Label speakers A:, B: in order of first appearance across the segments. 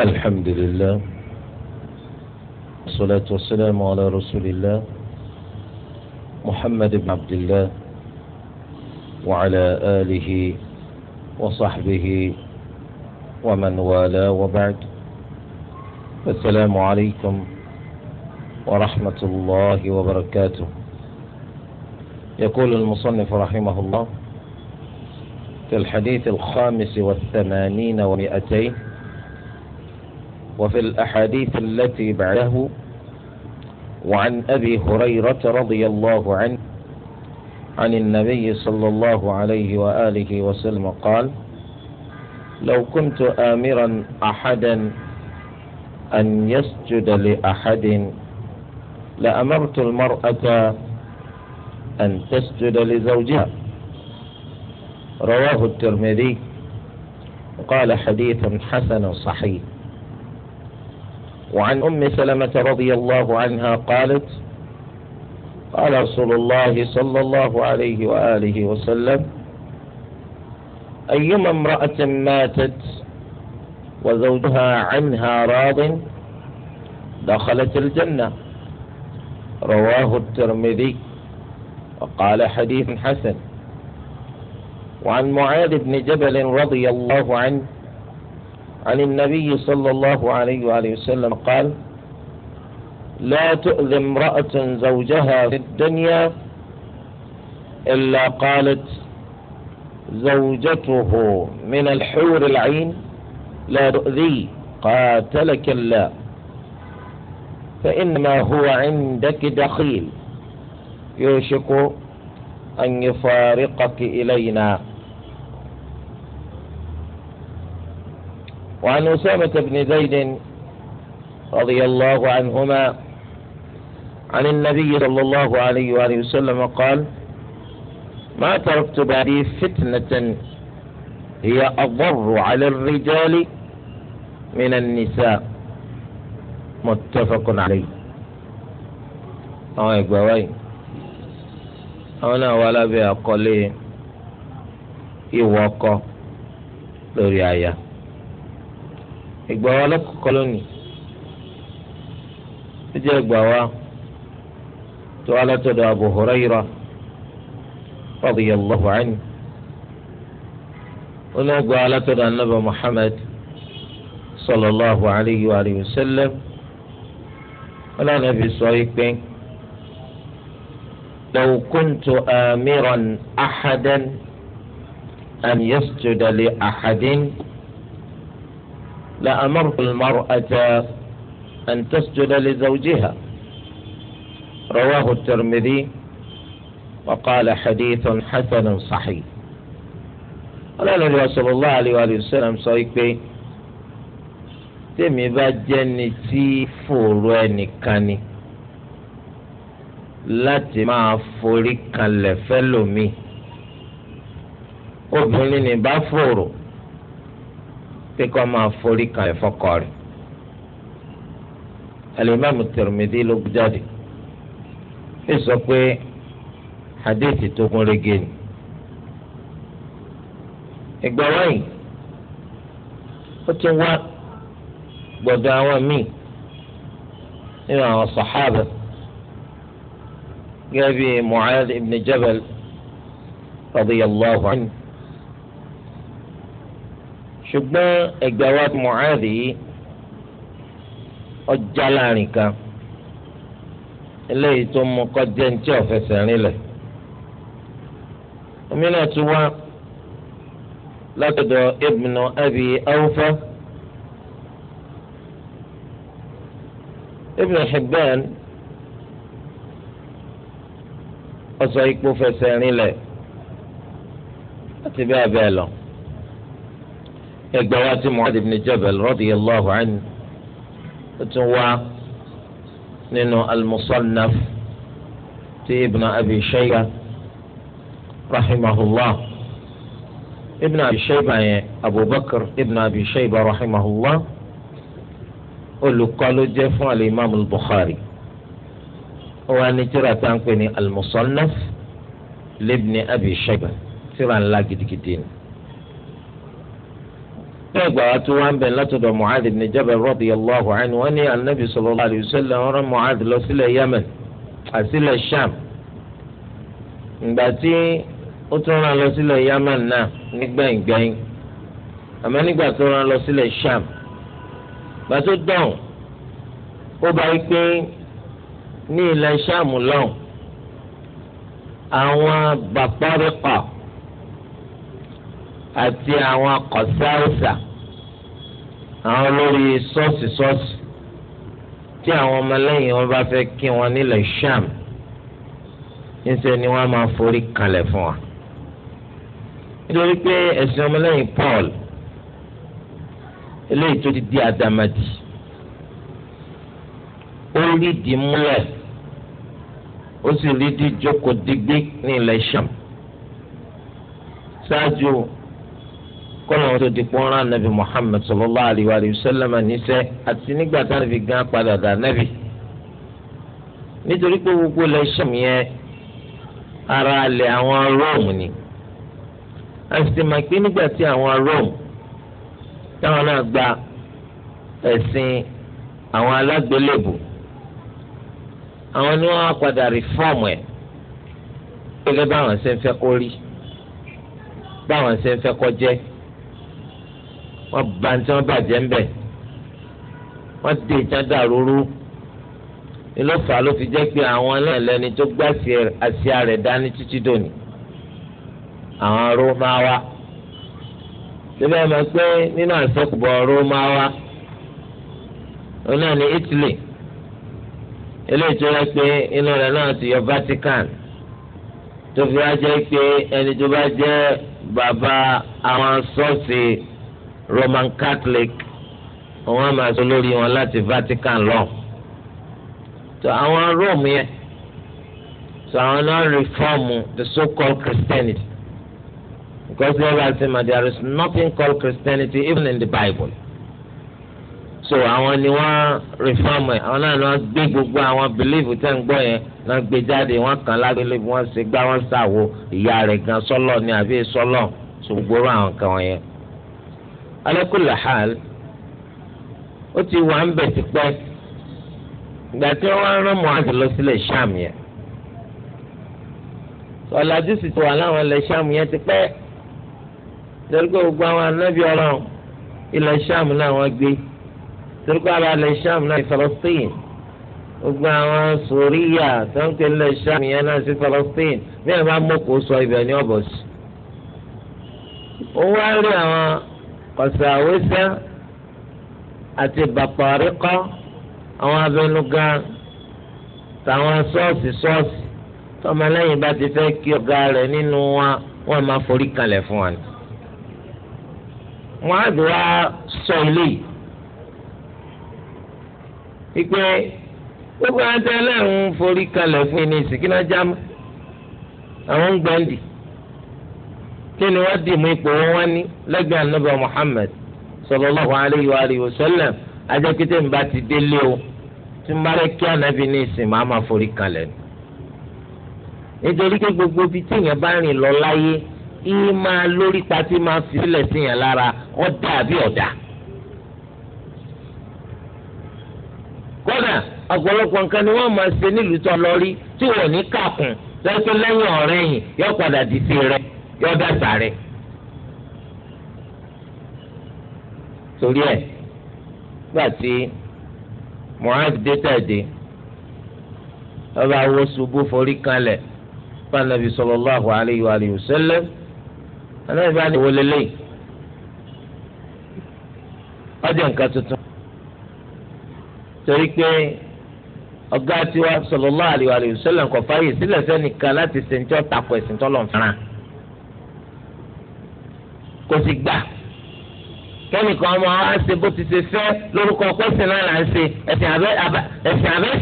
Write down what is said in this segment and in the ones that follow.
A: الحمد لله والصلاة والسلام على رسول الله محمد بن عبد الله وعلى آله وصحبه ومن والاه وبعد السلام عليكم ورحمة الله وبركاته يقول المصنف رحمه الله في الحديث الخامس والثمانين ومئتين وفي الأحاديث التي بعده وعن أبي هريرة رضي الله عنه عن النبي صلى الله عليه وآله وسلم قال لو كنت آمرا أحدا أن يسجد لأحد لأمرت المرأة أن تسجد لزوجها رواه الترمذي قال حديث حسن صحيح وعن أم سلمة رضي الله عنها قالت قال رسول الله صلى الله عليه وآله وسلم أيما امرأة ماتت وزوجها عنها راض دخلت الجنة رواه الترمذي وقال حديث حسن وعن معاذ بن جبل رضي الله عنه عن النبي صلى الله عليه وآله وسلم قال لا تؤذي امرأة زوجها في الدنيا إلا قالت زوجته من الحور العين لا تؤذي قاتلك الله فإنما هو عندك دخيل يوشك أن يفارقك إلينا وعن أسامة بن زيد رضي الله عنهما عن النبي صلى الله عليه وآله وسلم قال ما تركت بعدي فتنة هي أضر على الرجال من النساء متفق عليه أوي بوي أنا ولا بأقلي إيوكا لوريايا ìgbà wa lọ́kọ̀ọ́kọ́ lónìí ó jẹ́ ìgbà wa tó wá látọ̀dọ̀ Abu Hurairah radiyallahu anhu ó ní ìgbà wa látọ̀dọ̀ anábà Muhammad sallallahu alayhi wa sallam ó ní ànábì sọ yìí لو كنت آمرا أحدا أن يسجد لأحد لأمرت المرأة أن تسجد لزوجها رواه الترمذي وقال حديث حسن صحيح قال النبي صلى الله عليه وآله وسلم صحيح تمي باجني تي فورني كاني لاتي ما فوري kalẹ̀ fẹ́lómi مي ní bá fòrò pé kó máa forí kalẹ̀ fọ́kọ rẹ̀ alimami Tirmidhi ló jáde ó sọ pé hadithi tó kún rege ni ìgbà wáyé ó ti wá gbọ́dọ̀ àwọn míì nínú àwọn sàhábà gẹ́gẹ́ bíi ibn Jabal radiyallahu anhu ṣùgbọ́n ẹgbẹ́ wa Mu'adh yìí ọjà láàrin kan eléyìí tó mú kọjá ní tí ọ̀fẹ́sẹ̀ rinlẹ̀ omi náà tún wá látọ̀dọ̀ ibnu abi awfa ibnu hibban ọ̀sọ̀ ipò fẹsẹ̀ rinlẹ̀ àti bẹ́ẹ̀ bẹ́ẹ̀ lọ ẹgbẹ́ wa ti Mu'adh ibn Jabal radiyallahu anhu ó tún wá nínú al-Musannaf ti ibn Abi Shayba rahimahullah ibn Abi Shayba yẹn Abubakar ibn Abi Shayba rahimahullah olùkọ́ ló jẹ́ fún al-Imam al-Bukhari ó wá ní tá à pè ní al libni Abi Shayba tírà ńlá gidigidi ni bẹ́ẹ̀ gbà wá tó wá ń bẹ̀ látọ̀dọ̀ Mu'adh ibn Jabal radiyallahu anhu wọ́n ní anabi sallallahu alayhi wa sallam wọ́n rán Mu'adh lọ sílẹ̀ Yemen àsílẹ̀ Sham ìgbà tí ó tún rán lọ sílẹ̀ Yemen náà nígbẹ̀yìngbẹ̀yìn àmọ́ nígbà tó rán lọ sílẹ̀ Sham gbà tó dán ó bá yí pé ní ilẹ̀ Sham lọ́hùn àwọn bàpárẹ́pà àti àwọn akọ̀sáwùsà àwọn olórí ṣọ́ọ̀ṣì ṣọ́ọ̀ṣì tí àwọn ọmọlẹ́yìn wọn bá fẹ́ kí wọn nílẹ̀ sham níṣẹ́ ni wọ́n máa forí kalẹ̀ fún wa nítorí pé ẹ̀sìn ọmọlẹ́yìn Paul eléyìí tó ti di àdàmàdì ó rí di múlẹ̀ ó sì rí di jókòó digbí ní ilẹ̀ sham ṣáájú kọ́nà tó di pọ́nrán nàbì Muhammad sallallahu alayhi wa sallam níṣẹ́ àti nígbà tá nàbì gan padà dà nàbì. nítorí pé gbogbo ilẹ̀ Ṣàm yẹn ara ilẹ̀ àwọn Róòmù ni a sì máa pé nígbà tí àwọn Róòmù táwọn náà gba ẹ̀sìn àwọn alágbélébù àwọn ni wọ́n á padà rìfọ́ọ̀mù ẹ̀ gẹ́gẹ́ báwọn ṣe ń fẹ́ kó rí báwọn ṣe ń fẹ́ kó jẹ́ wọ́n ba ní tí wọ́n bàjẹ́ ńbẹ̀ wọ́n dé ìjà dàrúrú ìlọ́fà ló fi jẹ́ pé àwọn ẹlẹ́ni tó gbá àsíá rẹ̀ dání títí dòní àwọn rómáwá síbẹ̀ mọ̀ pé nínú àṣọkùbọ̀ rómáwá òun náà ní Italy eléyìí tó yẹ pé inú rẹ̀ náà ti yọ Vatican tó fi wá jẹ́ pé ẹni tó bá jẹ́ bàbá àwọn ṣọ́ọ̀ṣì roman catholic wọn máa sọ lórí wọn láti vatican lọ tó àwọn rome yẹn tó àwọn náà reform the so called christianity because never say ma there is nothing called christianity even in the bible so àwọn ni wọn reform ẹ àwọn náà ni wọn gbé gbogbo àwọn belief tẹ ń gbọ́ yẹn náà gbé jáde wọn kàn lágbélé wọn ṣe gbá wọn ṣàwo ìyá rẹ̀ gan sọlọ ni àbí sọlọ so gbogbo àwọn kan yẹn ala kulli hal ó ti wà ń bẹ̀ tipẹ́ ìgbà tí wọ́n rán Mu'adh lọ sílẹ̀ Sham yẹn ọ̀làjú sì ti wà láwọn ilẹ̀ Sham yẹn tipẹ́ torí pé gbogbo àwọn anábì ọlọ́run ilẹ̀ Sham náà wọ́n gbé torí pé ara ilẹ̀ Sham náà Palestine gbogbo àwọn sòríyà tó ń pè ilẹ̀ Sham yẹn náà sí Palestine bí ẹ̀ bá mọ̀kó sọ ibẹ̀ ní ọ̀bọ̀sì. ó wá rí àwọn kọsàwésà àti bàpàríkọ àwọn abẹnugan tàwọn ṣọ́ọ̀ṣì ṣọ́ọ̀ṣì tọmọlẹ́yìn bá ti fẹ́ kí ọ̀gá rẹ̀ nínú wa wọ́n máa forí kalẹ̀ fún wa ni. wọ́n á dùn wá sọ ilé yìí ìpè gbogbo àti ẹlẹ́rìn forí kalẹ̀ fún yìí ní ìsìnkú náà jámọ́ àwọn ń gbọ́ndì. kí ni wọ́n dì mú wọn wá ní lẹ́gbẹ̀ẹ́ anábà Muhammad sallallahu alayhi wa alihi wa sallam ajakite nba ti délé o tí n rẹ kí anabi ní ìsìn máa ma forí kalẹ̀ ni nítorí pé gbogbo ibi tí bá rìn lọ láyé ìyí máa lórí patí máa fi sílẹ̀ sí lára ọ̀dà àbí kódà ọ̀pọ̀lọpọ̀ nǹkan ni wọ́n máa ṣe nílùú tó lọ rí tí wọ́n ní kàkùn lẹ́yìn ọ̀rẹ́yìn padà yọ dàtà rẹ̀ torí ẹ̀ nígbà tí Mu'adh dé tẹ̀dé ọba wo ṣubú forí kanlẹ̀ fún anabi sallallahu alayhi wa alihi wa sallam anabi bá ní wọlé lẹ́yìn ọjọ nǹkan tuntun torí pé ọgá tiwa sallallahu aliyu wa alihi wa sallam kò fààyè sílẹ̀ láti ṣe ń tọ́ takò kò sì gbà kẹ́nìkan ọmọ wa ṣe bó ti ṣe fẹ́ lórúkọ pẹ́sìn náà là ń ṣe ẹ̀sìn abẹ́ ẹ̀sìn abẹ́.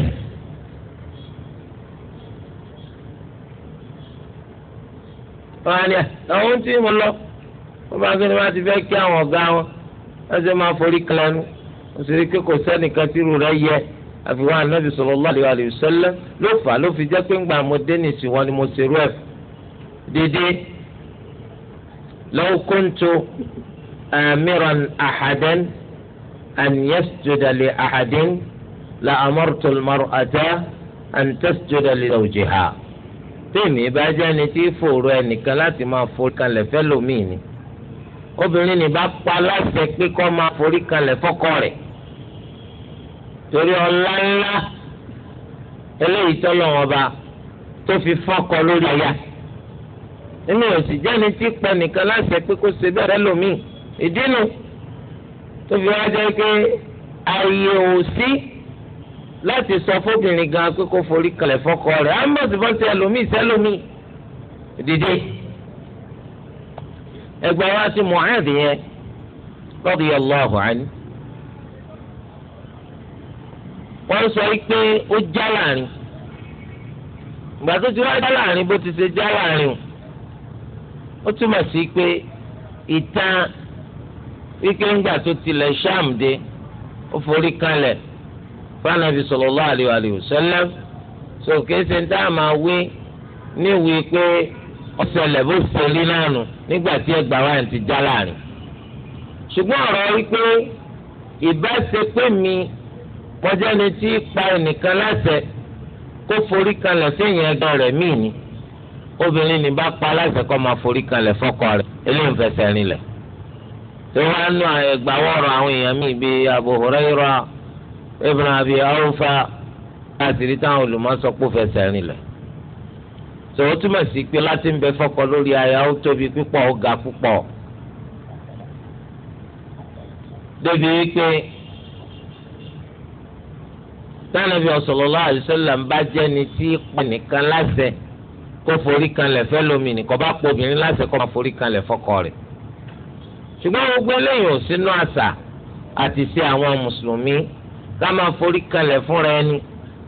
A: wọ́n á àwọn tí mo lọ wọ́n bá gbé ní wọ́n ti fẹ́ kí àwọn ọ̀gá wọn wọ́n ṣe máa forí kalanu wọ́n sì rí pé kò sẹ́nìkan tí irú rẹ̀ yẹ àfiwọ́n anábì sallallahu alaihi wasallam ló fà ló fi jẹ́ pé ńgbà mo dé nìsín wọn ni mo ṣerú ẹ̀ déédéé. لو كنت آمرا أحدا أن يسجد لأحد لأمرت المرأة أن تسجد لزوجها tèmi bá jẹ́ ẹni tí fòrò ẹnìkan láti máa forí kanlẹ̀ fẹ́lòmíì ni obìnrin ní bá pa láṣẹ pé kó máa forí kanlẹ̀ fọ́kọ rẹ̀ torí ọlá ńlá eléyìí tọ́lọ́ wọn bá tó fi fọ́kọ lórí aya èmi ò sì jẹ́ni tí pẹ nìkan láṣẹ pé kó ṣe bẹ́ẹ̀ lómìn ìdínú tó fi wá jẹ́ pé ààyè ò sí láti sọ fóbìnrin gan pé kó forí kalẹ̀ fọ́kọ rẹ̀ á mọ̀ sí fọ́sẹ̀ ẹlòmíì sẹ́lòmíì dìde ẹgbẹ́ wa ti Mu'adh yẹn radiyallahu anhu wọ́n sọ pé ó já láàrin ìgbà tó ti wá já láàrin bó ti ṣe já láàrin o ó túmọ̀ sí pé ìtàn wípé ńgbà tó tilẹ̀ Ṣáàmù dé ó forí kalẹ̀ fanabi sallallahu alayhi wa sallam so ṣe ń tá a máa wí níwèé pé ọ̀sẹ̀lẹ̀ bó ṣẹlí náà nù nígbà tí ẹgbàá wa ti já láàrin ṣùgbọ́n ọ̀rọ̀ wípé ìbáṣepé mi kọjá ni tí pa ẹnìkan láṣẹ kó forí kalẹ̀ sí ìyẹn gan rẹ̀ míì ni obìnrin ní bá pa aláìsẹ kọ máa forí kanlẹ̀ fọ́kọ rẹ̀ eléyìí ń fẹsẹ̀ rinlẹ̀ tó wá nù ẹgbà wọrọ àwọn èèyàn míì bíi Abu Hurairah ibn Abi Awfa àṣírí táwọn olùmọ̀sọ́ pò fẹsẹ̀ rinlẹ̀ tó o túmọ̀ sí pé láti ń bẹ fọ́kọ lórí aya ó tóbi púpọ̀ ó ga púpọ̀ débi wípé tánàbí sallallahu alaihi ń bá jẹ́ni tí pọ̀ nìkan láṣẹ kó forí kanlẹ̀ fẹ́ lómi nìkan bá pọ̀ obìnrin láṣẹ kó máa forí kanlẹ̀ fọ́kọ rẹ̀ ṣùgbọ́n gbogbo eléyìí ò sínú àṣà àti ṣe àwọn mùsùlùmí ká máa forí kanlẹ̀ fúnra ẹni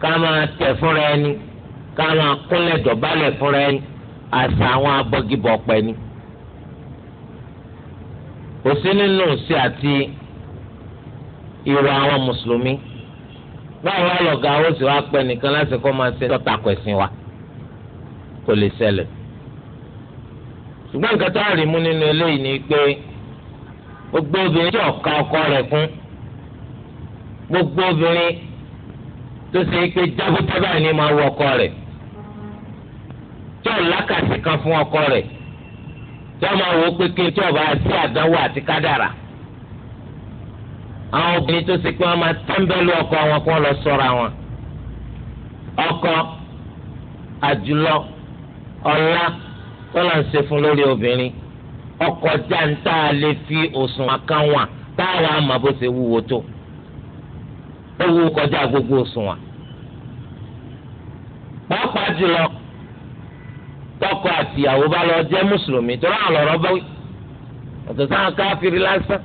A: ká máa tẹ̀ fúnra ẹni ká máa kúnlẹ̀ dọ̀bálẹ̀ fúnra ẹni àṣà àwọn abọ́gibọ̀ pẹ̀ ni kò sí nínú sí àti ìwà àwọn mùsùlùmí báwo lọ́gàá ó sì wá pẹ́ nìkan láti kọ́ máa ṣe tọ́ta pẹ̀sìn wa kò lè ṣẹlẹ̀ ṣùgbọ́n nǹkan tó rí mú nínú eléyìí ni pé gbogbo obìnrin tí ọ̀ka ọkọ rẹ̀ kún gbogbo obìnrin tó ṣe pé jábútábà ni máa wọ ọkọ rẹ̀ tí ọ̀làkàtì kan fún ọkọ rẹ̀ tí wọ́n máa wọ pé kí n tí ọba sí àdánwò àti kádàrà àwọn obìnrin tó ṣe pé wọ́n máa tẹ́ńbẹ́lú ọkọ wọn kí lọ sọ́ra wọn ọkọ àjùlọ. ọlá tọ́lá ń ṣe fún lórí obìnrin ọkọ̀ jáǹtá lè fi òsùn àkànwà táwa àmọ́ bó ṣe wúwo tó
B: ó wúwo kọjá gbogbo
A: òsùn wa. pàápàá jùlọ tọkọ àtìyàwó bá lọ jẹ́ mùsùlùmí tó rà lọ́rọ́ báwí ọ̀tọ̀ sáwọn káfíìrì lásán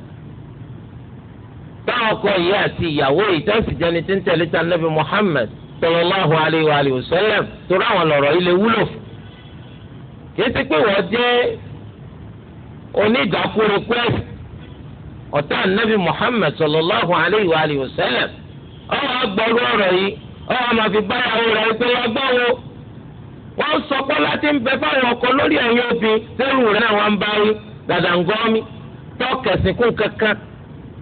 A: táwọn ọkọ yìí àti ìyàwó yìí tí ń tẹ̀lé ta Nabi Muhammad sallallahu alayhi wa sallam tó rà wọn lọ́rọ̀ yìí wúlò fún yéésì pé wọ́n jẹ́ onídàákúrekú ẹ̀sìn ọ̀tá nàbì Muhammad sallallahu alayhi wa alihi wa sallam
B: ọ̀rọ̀ agbọ̀rú yìí báyàwó
A: pé sọ pé láti ń bẹ fáwọn ọkọ lórí òfin ń kankan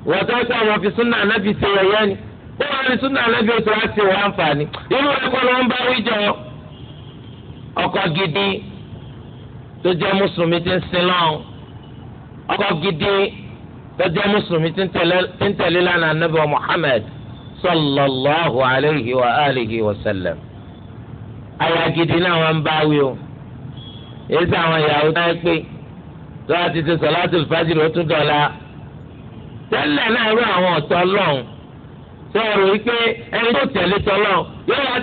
A: pé àwọn fi súnà ṣe ni wà ní súnà ọkọ gidi tó jẹ́ mùsùlùmí ti ń sin ọkọ gidi tó jẹ́ mùsùlùmí ti ń tẹ̀lé lánàá sallallahu alayhi wa alihi wa sallam aya gidi náà wọn bá wí o èyí àwọn ìyàwó náà pé a ti ti sọláàtì fàjìrì ó tún dọ̀la
B: tẹ́lẹ̀ náà irú àwọn ọ̀tọ̀ lọ́hùn
A: sọ̀rọ̀ wípé ẹni tó tẹ̀lé tọ́lọ́ yóò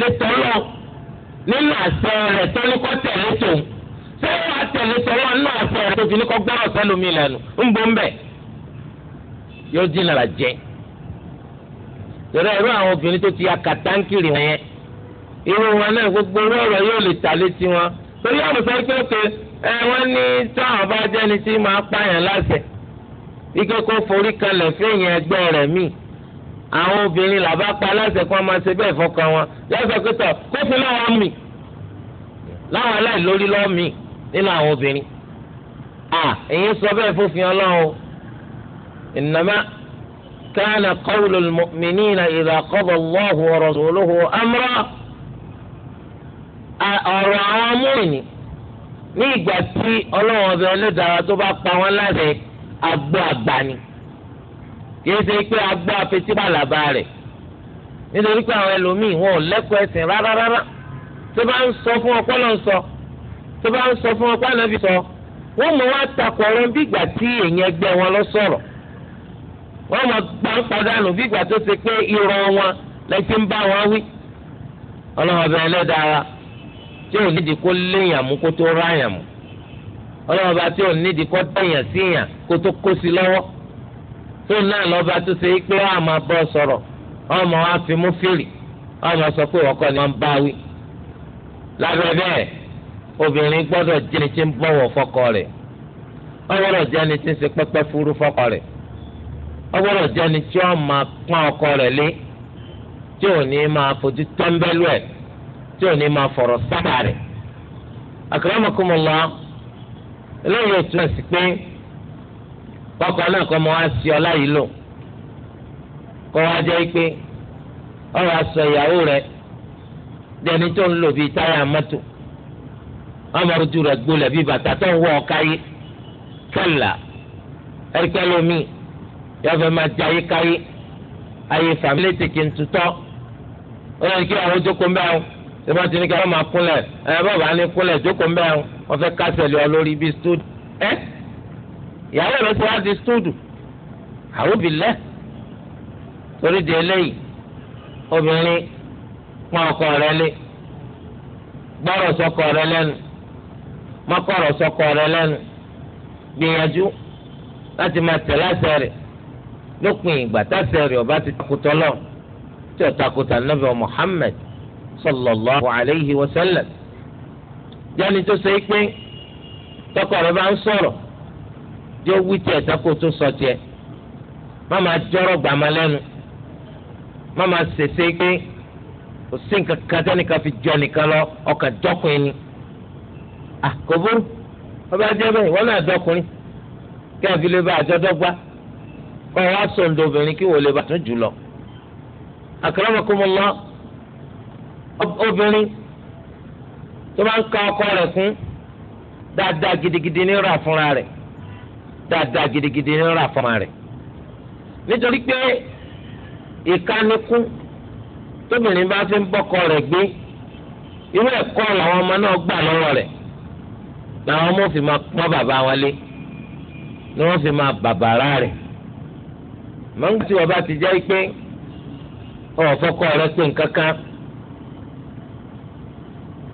A: tẹ̀lé tọ́lọ́. nínú àṣẹ re tó tẹ̀lé tó ṣé wàá tẹ̀lé tọ́lọ́ nínú àṣẹ rẹ̀ tó ní kọ́ gbọ́rọ̀ sẹ́lómi lẹ́nu ń bọ́ ń bẹ̀ yóò dín ara jẹ́ ẹ̀rọ àwọn ti ya kàtàǹkìrì wọn yẹn irú wọn náà gbogbo owó ọ̀rọ̀ yóò lè ta létí wọn torí àwọn sọ pé òkè ẹ wọn ní táwọn bá jẹ́ni tí máa pààyàn láṣẹ ike forí kalẹ̀ fẹ́yìn ẹgbẹ́ rẹ̀ míì àwọn obìnrin làbá pa láṣẹ kí wọ́n máa ṣe bẹ́ẹ̀ fọkàn wọn láṣẹ pẹtọ kó fi láwọn mì láwọn aláìlórí lọ́ọ́ mì nínú àwọn obìnrin à èyí sọ bẹ́ẹ̀ fòfin Ọlọ́run o ìnáma kánà kọ́wùlù mìíràn ìlà kọ́bọ̀ lọ́hùn ọ̀rọ̀ sòlóhù amúrà ọ̀rọ̀ àwọn amúrìnì ní ìgbà tí Ọlọ́run ọbẹ̀ ẹlẹ́dàá tó bá pa wọ́n láṣẹ agbó àgbà ni. kìí ṣe pé agbó afetíbà làbá rẹ̀ nítorí pé àwọn ẹlòmíì wọn ò lẹ́kọ̀ọ́ ẹ̀sìn rárá rárá tó bá ń sọ fún ọpọ́ lọ́n sọ tó bá ń sọ fún ọpọ́ lọ́n fi sọ wọ́n mọ̀ wá takọ̀ ọ̀rọ̀ bí ìgbà tí èèyàn ẹgbẹ́ wọn lọ sọ̀rọ̀ wọ́n mọ̀ gbàǹpadànù bí ìgbà tó ṣe pé irọ́ wọn lẹ́tí ń bá wọn wí ọlọ́run ọbẹ̀ tí ò nídìí kó kó tó tóun náà lọ́ba tó ṣe pé a máa bọ́ sọ̀rọ̀ ọmọ wa fi mú fìrì ọkọ ni wọ́n bá wí. lábẹ́ bẹ́ẹ̀ obìnrin gbọ́dọ̀ jẹ́ ni tí ń bọ̀wọ̀ fọ́kọ rẹ̀ jẹ́ ni tí ń ṣe pẹ́pẹ́ fúru fọkọ rẹ̀ ọgbọ́dọ̀ jẹ́ ni tí máa pọ́n ọkọ rẹ̀ lé tí ò ní máa kọ́kọ́ náà kọ́ mọ́ wá sí ọlá yìí lò kọ́ wá jẹ́ pé ọ̀rọ̀ aṣọ ìyàwó rẹ̀ dẹni tó ń lò bíi táyà mọ́tò ọmọdún rẹ̀ gbolẹ̀ bíi bàtà tó ń wọ ọ̀ka yé kẹlà ẹ̀ríkẹ́ lómi yọ̀fẹ́ máa jẹ ayé káyé ayé fàmílì tìkì ń tutọ́ ó kí àwọn jókòó mẹ́rin ìbá ti ní kí wọ́n máa kúnlẹ̀ ẹ̀ bá ní kúnlẹ̀ jókòó mẹ́rin wọ́n fẹ́ kásẹ̀ lé ọ lórí bíi stúdì ẹ́. ìyàwó rẹ̀ ti wá di stúdù àwòbílẹ̀ torí di eléyìí obìnrin pọ́n ọkọ rẹ̀ lé gbọ́rọ̀ sọ́kọ rẹ̀ lẹ́nu mọ́kọ̀rọ̀ sọ́kọ rẹ̀ lẹ́nu gbìyànjú láti máa tẹ̀ láṣẹ rẹ̀ lópin ìgbà táṣẹ rẹ̀ ọba ti takùtọ̀ lọ tí Muhammad sallallahu alayhi wa sallam jẹ́ni tó ṣe é pé tọkọ jẹ́ owí tiẹ̀ sáko tó sọ tiẹ̀ má máa jọ́rọ̀ gbà má lẹ́nu má máa jọ nìkan lọ ọkàn dọ́kùnrin ni à kò burú ọba jẹ́ bẹ́ẹ̀ wọ́n náà dọ́kùnrin kí àfilẹ́ bá àjọ dọ́gba kọ́ ọ wá sọ̀ǹdọ̀ obìnrin kí wọ́n lè ba tún lọ. àkàràmọ̀kọ́mọ́lá obìnrin tó bá ń ka ọkọ gidigidi ní ra rẹ̀ dáadáa gidigidi ní ọ̀rọ̀ àfọmọ́ rẹ̀ nítorí pé ìkánikú tóbìnrin bá fi ń bọ́kọ rẹ̀ gbé irú ẹ̀kọ́ làwọn ọmọ náà gbà lọ́wọ́ rẹ̀ làwọn ọmọ fi máa pọ́n bàbá wọn lé ni wọ́n fi máa bàbàrà rẹ̀ mọ̀ngá tí ti jẹ́ pé ọ̀fọ́kọ́ rẹ̀ pé nǹkan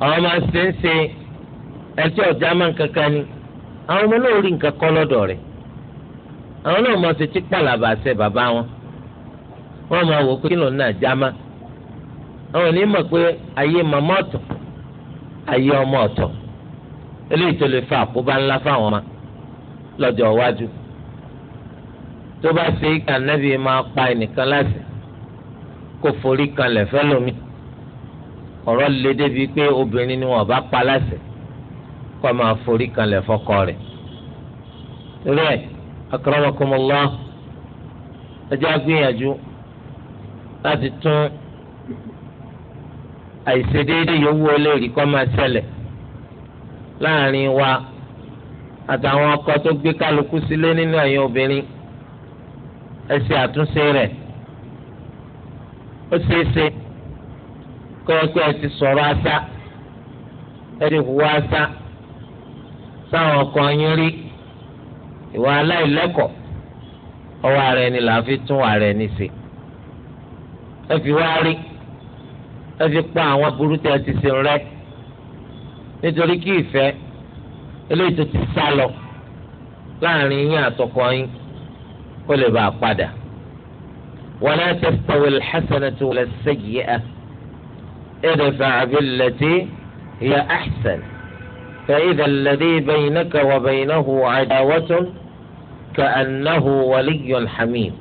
A: àwọn máa ń ṣe ń ṣe ẹtí ọ̀já máa ń kankan ni àwọn ọmọ náà rí nǹkan kọ́ lọ́dọ̀ rẹ̀ àwọn náà máa fi típàlàbà ṣe bàbá wọn wọ́n máa wò pé kí lòun náà já má àwọn ní mọ̀ pé ayé màmá ọ̀tọ̀ ayé ọmọ ọ̀tọ̀ eléyìí tó lè fa àkóbá ńlá fáwọn ọmọ lọ́jọ́ iwájú tó bá ṣe é kà máa pa ẹnìkan láti kó forí kan lẹ̀ fẹ́ lómi ọ̀rọ̀ lè débi pé obìnrin ni wọ́n bá pa láṣẹ kó máa forí kanlẹ̀ fọ́kọ rẹ̀ torí ẹ̀ akramakumullah ẹjẹ́ agbìyànjú láti tún àìṣedéédé yòówù olérí kó máa ṣẹlẹ̀ láàrin wa àtàwọn ọkọ tó gbé kálukú sílé nínú ẹ̀yin obìnrin ẹ àtúnṣe rẹ̀ ó ṣeé kọ́ ẹ pé ẹ ti sọ̀rọ̀ àṣà ẹ ti hùwà àṣà táwọn ọkọ yín rí ìwà aláìlẹ́kọ̀ọ́ ọwọ́ ara ẹni là á fi tún ara ẹni ṣe ẹ fi wá rí ẹ fi pa àwọn burú tí ẹ ti ṣe rẹ́ nítorí kí ìfẹ́ eléyìí tó ti sá lọ láàrin yín àtọkọ yín kó lè bàa padà wala tastawi alhasanatu wala sayyi'ah idfa' billati hiya ahsan. فإذا الذي بينك وبينه عداوة كأنه ولي حميم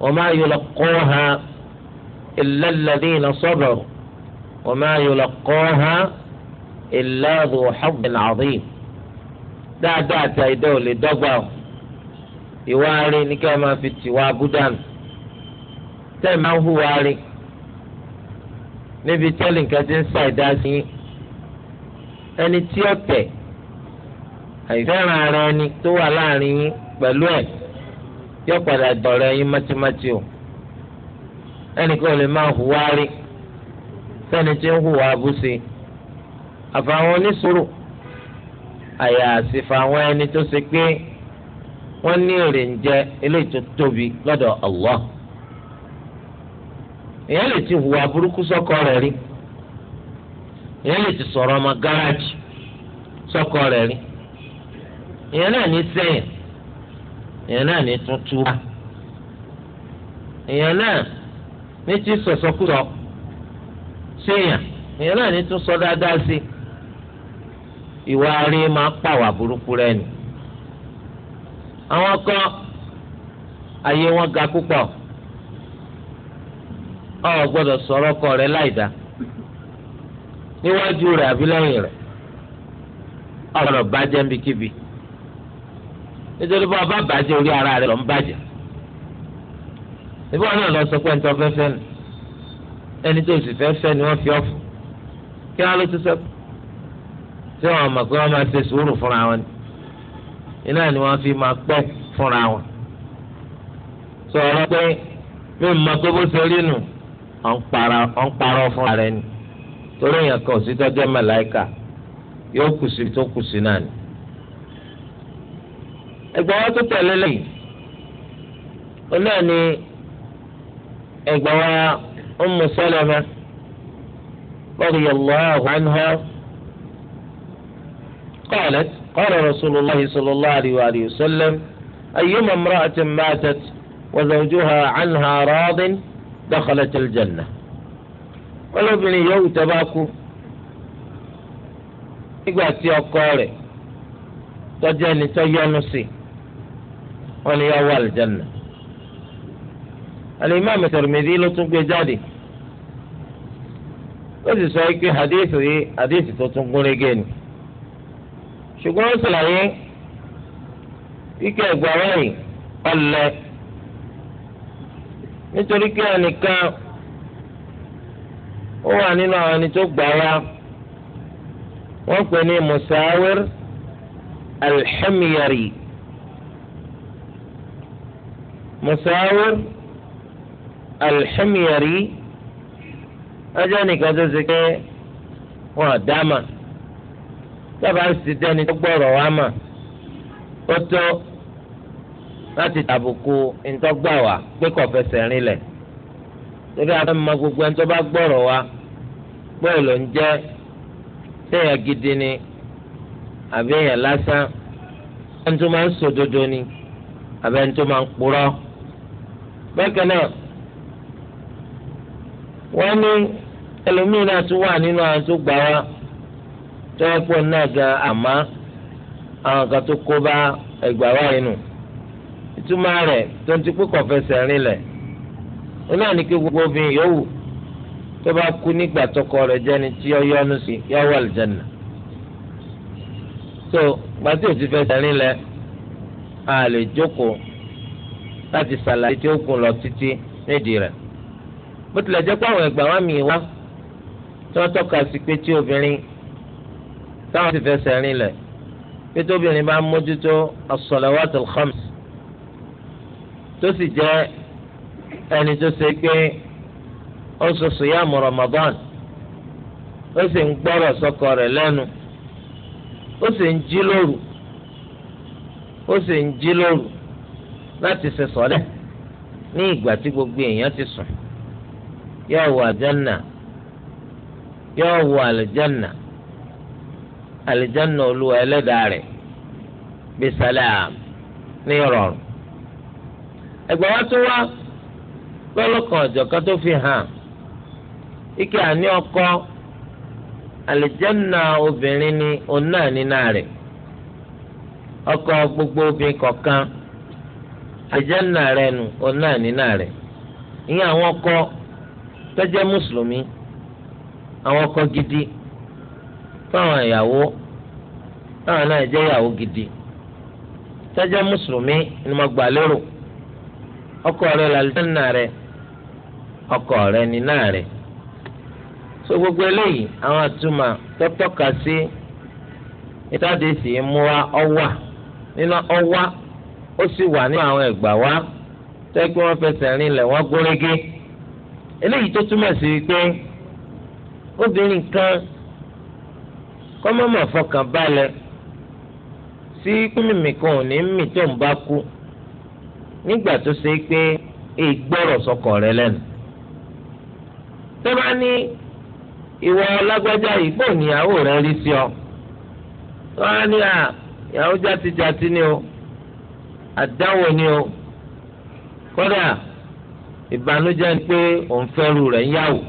A: وما يلقوها إلا الذين صبروا وما يلقاها إلا ذو حظ عظيم dáadáa ta ìdá ò lè dọ́gba o ìwà rí ni ká máa fi tìwà abúdánù tẹ́ ẹ̀ máa ń hùwà rí níbi tẹ́lẹ̀ nǹkan ti ń ṣàìdá sí yín ẹni tí ó tẹ̀ àìfẹ́ràn ara ẹni tó wà láàrin yín pẹ̀lú ẹ̀ yóò padà dọ̀rẹ́ yín mátímátí o ẹnìkan lè máa hùwà rí sẹ́ni tí ń hùwà abúṣe àfàwọn oníṣòro àyàfi fàwọn ẹni tó ṣe pé wọ́n ní èrè ń jẹ eléyìí tó tóbi lọ́dọ̀ ti hùwà burúkú sọ́kọ rẹ̀ ìyẹn lè ti sọ̀rọ̀ ọmọ gáràjì sọ́kọ rẹ̀ rí ìyẹn náà ní sẹ́yìn ìyẹn náà ní tuntun wá ìyẹn náà ní ti sọ̀sọ́kùsọ sẹ́yìn ìyẹn náà ní tún sọ dáadáa sí ìwà rí ni àwọn ayé wọn ga púpọ̀ ọ gbọ́dọ̀ sọ̀rọ̀ ọkọ rẹ láìdáa. níwájú rẹ̀ àbí lẹ́yìn rẹ̀ ọ̀rọ̀ bàjẹ́ níbikíbi nítorí bá ọba bàjẹ́ orí ara rẹ̀ lọ ń bàjẹ́ ìbọn náà lọ sọ pé ẹnitọ́ fẹ́ fẹ́ nù ẹni tó sì fẹ́ fẹ́ ni wọ́n fi ọ̀fù kí wọ́n ló ti sẹ́kù tí wọ́n mọ̀ pé wọ́n máa ṣe sùúrù fúnra wọn ni iná ni wọ́n fi máa pẹ́ fúnra wọn sọ̀rọ̀ pé mi mọ̀ pé bó ṣe rí nù ọ̀ parọ́ fúnra rẹ̀ ni. torí èèyàn kan ò sí tọ́jú màláìkà yóò kù sí tó kù sí náà ni. ẹgbẹ́ wa tó tẹ̀lé lẹ́yìn ó náà ni ẹgbẹ́ wa Ummu Salama radiyallahu anha qalat qala Rasulullah sallallahu alayhi wa sallam ayyuma imra'atin matat wa zawjuha anha rọ́ọ̀dín dakhalat al-jannah. olóbìnrin yòówù tó bá kú nígbà tí ọkọ rẹ̀ tọ́jú ẹni tó yọ́nú sí wọn ni yóò wọ àlùjánnà Al-Imam Tirmidhi ló tún gbé jáde ó sì sọ pé hadith yìí hadith tó tún gún régé ni ṣùgbọ́n ó sàlàyé kíkẹ́ ẹ̀gbọ́n rẹ̀ ọ̀lẹ́ nítorí kí ẹnìkan ó wà nínú àwọn ẹni tó gbà wá wọ́n pè ní musawir alḥamiyari musawir alḥamiyari ọjọ́ nìkan tó ṣe pé wọ́n dá mà dábàá sì dẹni tó gbọ́rọ̀ wá mà ó tó láti tàbùkù ntọ́gbà wá pé kò fẹsẹ̀ rinlẹ̀ lórí afẹ́ mọ gbogbo ẹni tó bá gbọ́rọ̀ wá. bóyá ló ń jẹ́ sẹ́yìn gidi ni àbí lásán ẹni máa ń sòdodo ni àbí máa ń purọ́ bẹ́ẹ̀ náà wọ́n ní ẹlòmíì náà tún wà nínú àwọn tó gbà wá tó yẹ pé náà gan àmọ́ àwọn kan tó kó bá ẹgbà wá tó bá kú nígbà tọkọ rẹ̀ jẹ́ni tí ó yọ́nú sí yọ wọ àlùjánnà so gbàtí òtí fẹ́ sẹ́rin lẹ a lè jókòó láti ṣàlàyé tí ó gùn lọ títí nídìí rẹ̀ bó tilẹ̀ jẹ́ pé àwọn ẹ̀gbà wa mi wá tí wọ́n tọ́ka sí pé tí obìnrin táwọn ti fẹ́ sẹ́rin lẹ̀ pé tóbìnrin bá mójútó as-salawatul tó sì jẹ́ ẹni tó ṣe pé. ó ya sùyàmù Ramadan ó sì ń gbọ́rọ̀ ọrụ rẹ̀ lẹ́nu ó sì ń jí lóru ó sì ń jí lóru láti ṣe ní gbogbo èèyàn ti sùn yóò wọ àjánà yóò wọ àlìjánà àlìjánà olúwa ẹlẹ́dàá rẹ bí sálàm ní ìrọ̀rùn ẹgbẹ́ wa tó wá ike àní ọkọ àlìjẹ́nà obìnrin ni òun nínà rẹ̀ ọkọ gbogbo obìnrin kọ̀ọ̀kan àlìjẹ́nà rẹ̀ nù òun nínà rẹ̀ ìyẹn àwọn ọkọ tó ọkọ gidi fáwọn ìyàwó fáwọn náà jẹ́ ìyàwó gidi tó mùsùlùmí ni mo gbà lérò ọkọ rẹ̀ làlìjẹ́nà rẹ̀ ọkọ rẹ̀ nínà rẹ̀. so gbogbo eleyi àwọn àtúmọ̀ tọ́tọ́ka sí ìtàdé sì ń mú wa ọwà nínú ọwà ó sì wà nínú àwọn ẹ̀gbà wa tẹ́kí wọ́n fẹsẹ̀ rinlẹ̀ wọ́n gúnrégé eléyìí tó túmọ̀ sí pé obìnrin kan kọ́mọ́mọ́ fọkàn balẹ̀ sí mímì kan ò ní mì tó ń bá kú nígbà tó ṣe pé ègbọ́rọ̀ sọkọ rẹ lẹ́nu ìwọ lágbájá yìí kò níyàwó rẹ rí sí ọ wọn ni à ìyàwó ni o àdáwò ni o kódà ìbànújẹ́ ni pé òun fẹ́rù rẹ̀ ń yàwó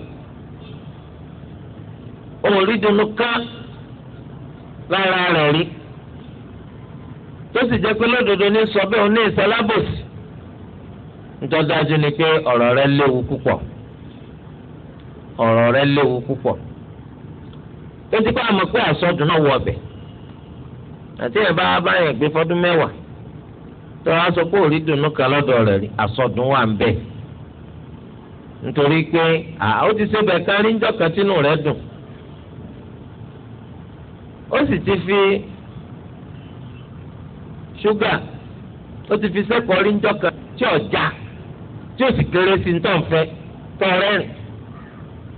A: òun ká lára rẹ̀ rí tó sì jẹ́ pé lódodo ní sọ bẹ́ẹ̀ ní ìsẹ́lábòsì ni pé ọ̀rọ̀ ọ̀rọ̀ rẹ léwu púpọ̀ lótí kó àmọ̀ pé àsọdùn náà wọ ọbẹ̀ àti ẹ̀ bá báyẹn gbé fọdún mẹ́wàá tó wá sọ pé òrí dùnú kan lọ́dọ̀ rẹ̀ rí àsọdùn wà ń bẹ̀ nítorí pé ó ti ṣe bẹ̀ẹ̀ kárí tínú rẹ̀ dùn ó sì ti fi ṣúgà ó ti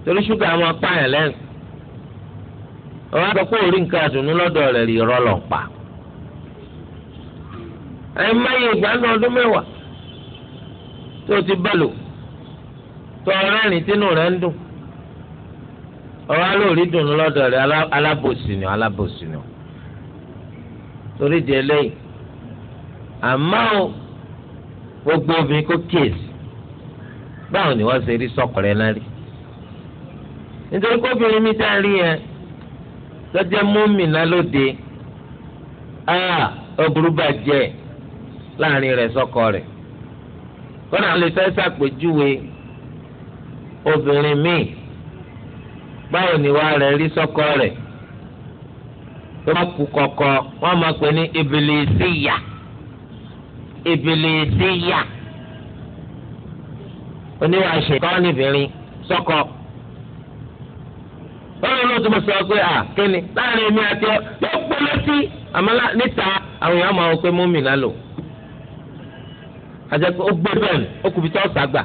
A: torí ṣúgà àwọn apáyàn lẹ́nu ọ̀rọ̀ àtọ́kọ́ orí nǹkan àdùnnú lọ́dọ̀ rẹ̀ rí irọ́ lọ pa ẹ̀ máyé ìgbàanú ọdún mẹ́wàá tó ti bá lò tó ọ̀rẹ́ rìn tínú rẹ̀ ń dùn ọ̀rọ̀ alóòrí dùnnú lọ́dọ̀ rẹ̀ alábòsí ni alábòsí ni torí di eléyìí àmọ́ gbogbo obìnrin kò kíyèsí báwo ni wọ́n ṣe rí sọ́kọ̀rẹ́ náà rí nítorí kóbìnrin mi tá a rí yẹn lọ́jọ́ mọ́mìnà lóde ọ̀bùrú bàjẹ́ láàrin rẹ̀ sọ́kọ rẹ̀ kọ́nà lè fẹ́ ṣàpèjúwe obìnrin míì báwo ni wàá rẹ̀ rí sọ́kọ rẹ̀ tó bá kú kọ̀kọ́ wọ́n máa pè ní ìbìlìsíyà ìbìlìsíyà oníwàṣẹ̀ kọ́nìbìnrin sọ́kọ. So tó mọ̀ sọ pé à kíni láàrin èmi àti ọ yóò pẹ́ létí àmọ́ níta àwọn èèyàn máa wọ pé mọ́mì náà lò àjẹpẹ́ ó gbé bẹ́ẹ̀ ó kùbi tó sàgbà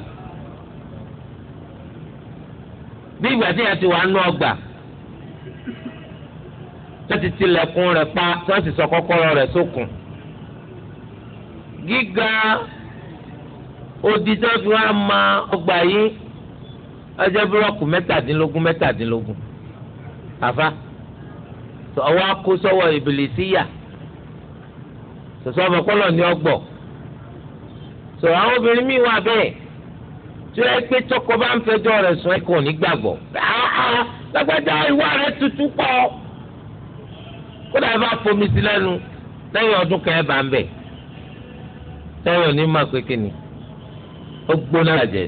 A: bí ìgbà tí yẹn ti wà nú ọgbà tó ti tilẹ̀kùn rẹ̀ pa tó sì sọ kọ́kọ́rọ́ rẹ̀ sókun gíga odi fi wá ma ọgbà yìí ọjọ́ búlọ́ọ̀kù mẹ́tàdínlógún mẹ́tàdínlógún àfa ọwọ́ akó sọ́wọ́ ìbìlìsíyà sọ̀sọ́ ọmọkọ́lọ̀ ní ọgbọ̀ sọ àwọn obìnrin míì wà bẹ́ẹ̀ tí ó yẹ pé tọkọ bá ń fẹjọ́ rẹ̀ sùn ẹ̀ kò ní gbàgbọ́ lágbájá ìwà rẹ̀ tutù pọ̀ kódà ẹ bá fomi sí lẹ́nu lẹ́yìn ọdún kan ẹ bá ń bẹ̀ lẹ́yìn òní mà kékeré ni ó gbóná àjẹ́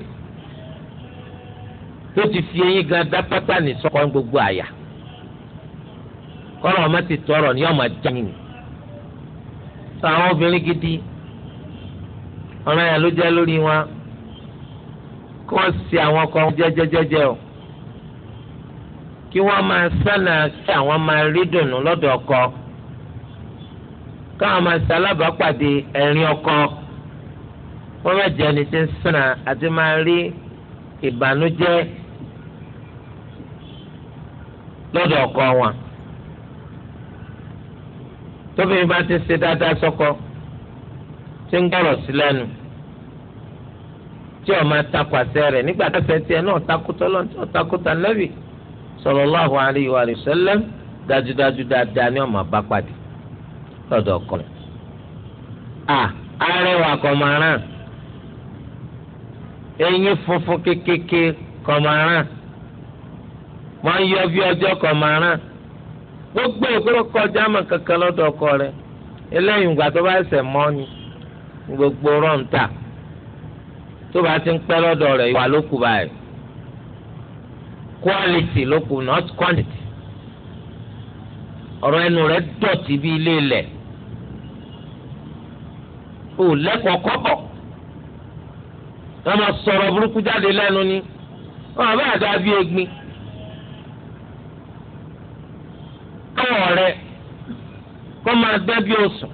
A: tó ti fi eyín gan dá pátá ní sọ́kọ́ gbogbo àyà kọ́lọ̀ ọmọ ti tọrọ ní ọmọ ajá yìí sọ àwọn obìnrin gidi ọ̀ràn yẹn ló jẹ́ lórí wọn kí wọ́n ṣe àwọn ọkọ wọn jẹ́jẹ́jẹ́jẹ́ o kí wọ́n máa sánà kí àwọn máa rí dùnú lọ́dọ̀ ọkọ káwọn máa ṣalábàápàdé ẹ̀rín ọkọ wọ́n máa jẹ́ ẹni tí ń sánà àti máa rí ìbànújẹ́ lọ́dọ̀ ọkọ wọn. tóbìnrin bá ti ṣe dáadáa sọkọ tí ń gbọrọ sí tí ọmọ takò àṣẹ nígbà tó náà lọ tí ó alaihi wa sallam dájúdájú dáadáa ní ọmọ bá pàdé ọkọ a arẹwà eyín funfun kékeré yọ bí gbogbo ìkúrò kọjá mọ kankan lọdọ ọkọ rẹ̀ eléyìí ìgbà tó bá ni gbogbo tó bá ti ń pẹ́ lọ́dọ̀ rẹ ìwà ló kù báyìí quality ló kù not quantity ọrọ ẹnu rẹ dọ̀tí bí ilé ilẹ̀ ò
B: máa burúkú jáde
A: ni máa gbẹ́ bí
B: osùn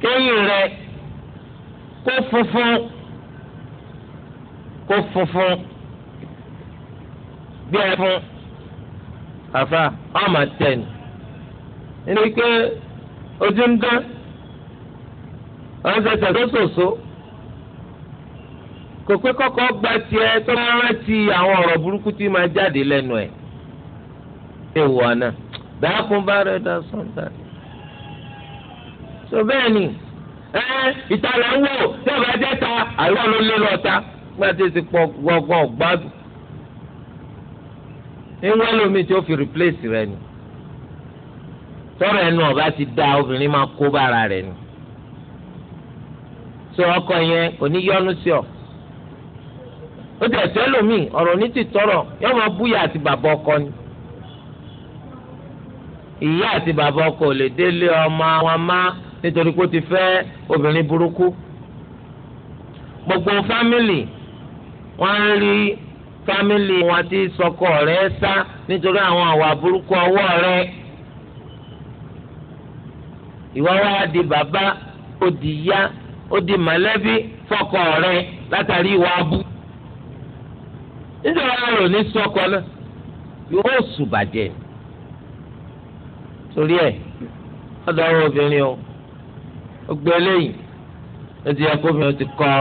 B: kéyìn rẹ kó funfun
A: kó funfun bí ẹfun àfa ọmọ tẹni ẹni pé ojú ń dán ọ̀sẹ̀ tẹ̀ tó sòso kò pé kọ́kọ́ gba tiẹ̀ tó máa rántí àwọn ọ̀rọ̀ burúkú tí máa jáde lẹ́nu ẹ̀ ẹ̀ wọ̀ náà dákun bá rẹ̀ dá sọ́ńtà. sọ bẹ́ẹ̀ ni ẹ ìta là ń wò tí ọba jẹ́ ta àlọ́ ló lé lọ́ta gbàdé ti pọ̀ gbọ̀ngàn gbádùn. ìwọ́n lómi tí ó fi replace rẹ̀ ni tọrọ ẹnu ọba ti da obìnrin máa kó bára rẹ̀ ni so ọkọ yẹn kò ní yọnu sí ọ ó tẹ̀sí ẹlòmíì ọ̀rọ̀ ní ti tọrọ yọ máa búyà àti bàbá ọkọ ni ìyá àti bàbá ọkọ lè délé ọmọ àwọn má nítorí pé ó ti fẹ́ obìnrin burúkú gbogbo fámìlì wọn rí fámìlì wọn ti sọkọ rẹ sá nítorí àwọn àwà burúkú ọwọ́ rẹ ìwọ di bàbá ó di yá fọkọ rẹ látàrí ìwà abú nítorí àwọn ní sọkọ náà yóò sùn bàjẹ́ torí ẹ̀ ọ̀dọ̀ àwọn obìnrin o gbogbo eléyìí ló ti yẹ kó obìnrin ti kọ́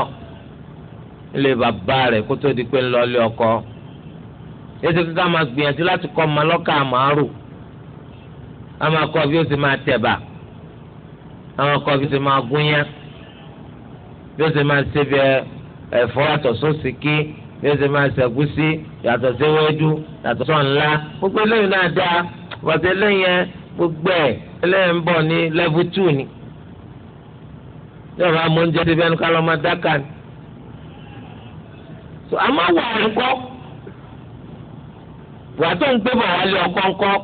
A: ilé bàbá rẹ̀ kó tó di pé ńlọ ilé ọkọ yéésù kíkà máa gbìyànjú láti kọ́ ọmọ lọ́kà àmàárù a máa kọ́ bí ó ti máa tẹ̀bà a máa kọ́ bí ó ti máa gúnyán bí ó ti máa ṣe bẹ ẹ̀fọ́ yàtọ̀ kí bí ó ti máa ṣẹ̀gúsí yàtọ̀ sí wẹ́dú yàtọ̀ sọ̀ ńlá gbogbo eléyìí náà dáa bọ̀dé eléyìí yẹn gbogbo ẹ̀ ẹlẹ́yìn ń bọ̀ ní level two ni yọ̀ọ̀bá mọ oúnjẹ débi ẹnu ká lọ́ máa dáka ni so a máa wà ẹ̀kọ́ wà tó ń gbé bọ̀ wálé ọkọ̀ọ̀kọ̀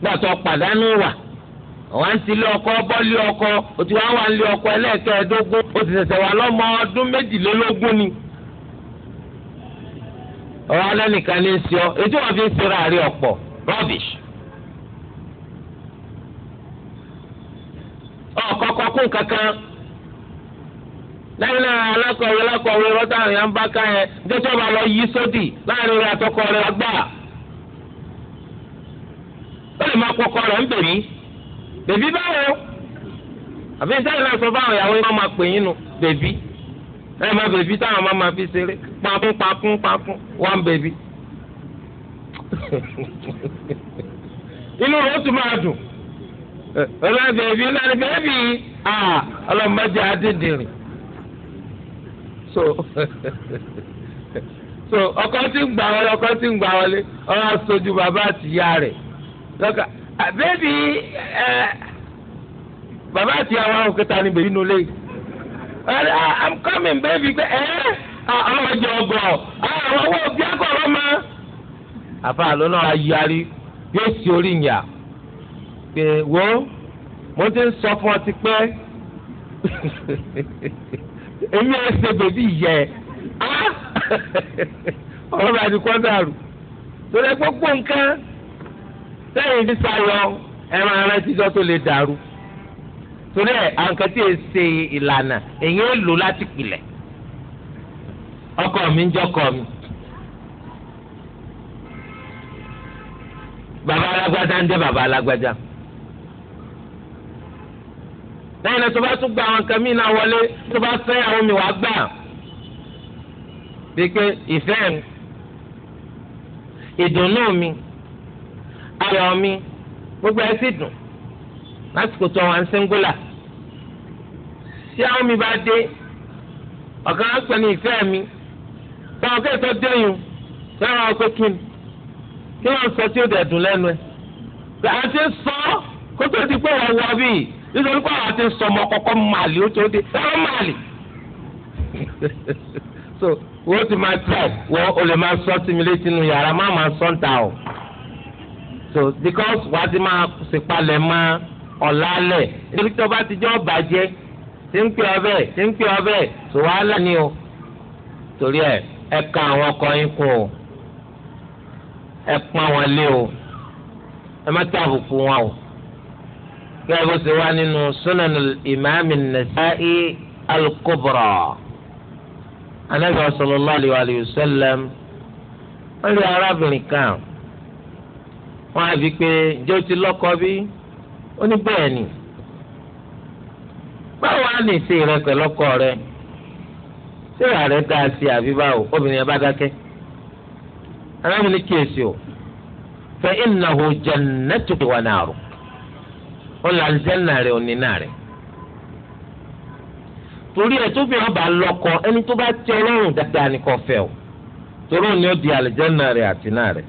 A: gbàtọ̀ pàdánù wà wà ń tilé ọkọ bọ́lé ọkọ otu awa wà ọkọ ẹlẹ́ẹ̀kẹ́ẹ̀dógún wà lọ́mọ ọdún méjìlélógún ni ọ̀rọ̀ alẹ́ nìkan ní í sọ ètò wọn rubbish. ọ̀kọ̀ọ̀kọ̀ kún kankan lẹ́yìn náà alákọ̀wé alákọ̀wé rọ́tà àyà ń bá ká yẹn dẹ́tọ́ bá lọ yí sódì láàrin rẹ̀ àtọkọ rẹ̀ lágbà. ó lè máa kọkọ rẹ̀ ń bèbí bèbí báwo àbí sẹ́yìn náà sọ fáwọn ìyàwó yẹn máa pè yín nu bèbí ẹ̀ máa bèbí táwọn máa fi ṣeré pakún pakún bèbí. inú rẹ̀ ó tún máa dùn ọlọ́dẹ ẹbí ọlọ́mọdé so so ọkọ tí ń gbà wọlé ọkọ tí ń gbà wọlé sojú bàbá àtìyá rẹ̀ lọ́kà bàbá àtìyá wa ò kẹta ọlọ́dẹ i'm coming ọlọ́mọdé àfáà ló náà yarí yóò sì orí yà pé wo mo ti ń sọ fún ọ ti pẹ́ èmi ẹ ṣe bèbí yẹ ah! ọ̀rọ̀ bá ti kọ́ dàrú torí gbogbo nǹkan sẹ́yìn ti sá ẹ̀rọ ara tíjọ́ tó lè dàrú torí ẹ̀ àǹkan tí èsè ìlànà èyí ń lò láti pilẹ̀ ọkọ mi ń jọkọ mi
B: bàbá alágbádá ń jẹ́
A: bàbá alágbádá lẹ́yìn náà tó bá tún gba àwọn nǹkan mí náà wọlé tó bá fẹ́ àwọn mi wàá gbà bíi pé ìfẹ́ mi ìdùnnú mi ayọ̀ mi gbogbo ẹ sì dùn lásìkò tó wà ń ṣẹ́ńgólà tí àwọn mi bá dé ọ̀kan á pè ìfẹ́ mi táwọn kẹ́tọ́ dẹ́yìn tí wọ́n á pé kí ni kí wọ́n sọ tí ó dẹ̀ dùn lẹ́nu ẹ̀ pé a ti sọ kó tó ti pé wọ́n wọ bíi nítorí pé àwọn ti sọ ọmọ kọ́kọ́ màlì ó tó dé ẹ̀rọ màlì so wọ́n ti máa tẹ̀ wọ́n o lè máa sọ sí nu yàrá má máa sọ ń ta o so because wàá ti máa sèpalẹ̀ máa ọ̀làlẹ̀ níbi tí ọba ti jẹ́ ọ̀bàjẹ́ tí ń pè ọbẹ̀ tí ń pè ọbẹ̀ tó wàá lẹ́ni o torí ẹ̀ ẹ ka àwọn ọkọ yín kún o ẹ pọ́n wọn lé o ẹ má tàbùkù wọn o gẹ́gẹ́ bó ṣe wá nínú sunan imaami nasa'i al-kubra anabi sallallahu alayhi wa sallam wọ́n lé arábìnrin kan wọ́n á bí pé ǹjẹ́ ti lọ́kọ bí ó báwo á ní ìsìn rẹ pẹ̀lọ́kọ rẹ ṣé ìyá rẹ sí àbí báwo obìnrin yẹn bá dákẹ́. arábìnrin kíyèsí o fa innahu jannatuki wa naru ó lọ àlùjánnà rẹ̀ òní na rẹ̀ torí ẹ̀ tóbi ọba lọ́kọ ẹni tó bá tẹ́ Ọlọ́run dáadáa ni kò fẹ́ o torí òní ó di àlùjánnà rẹ̀ àti náà rẹ̀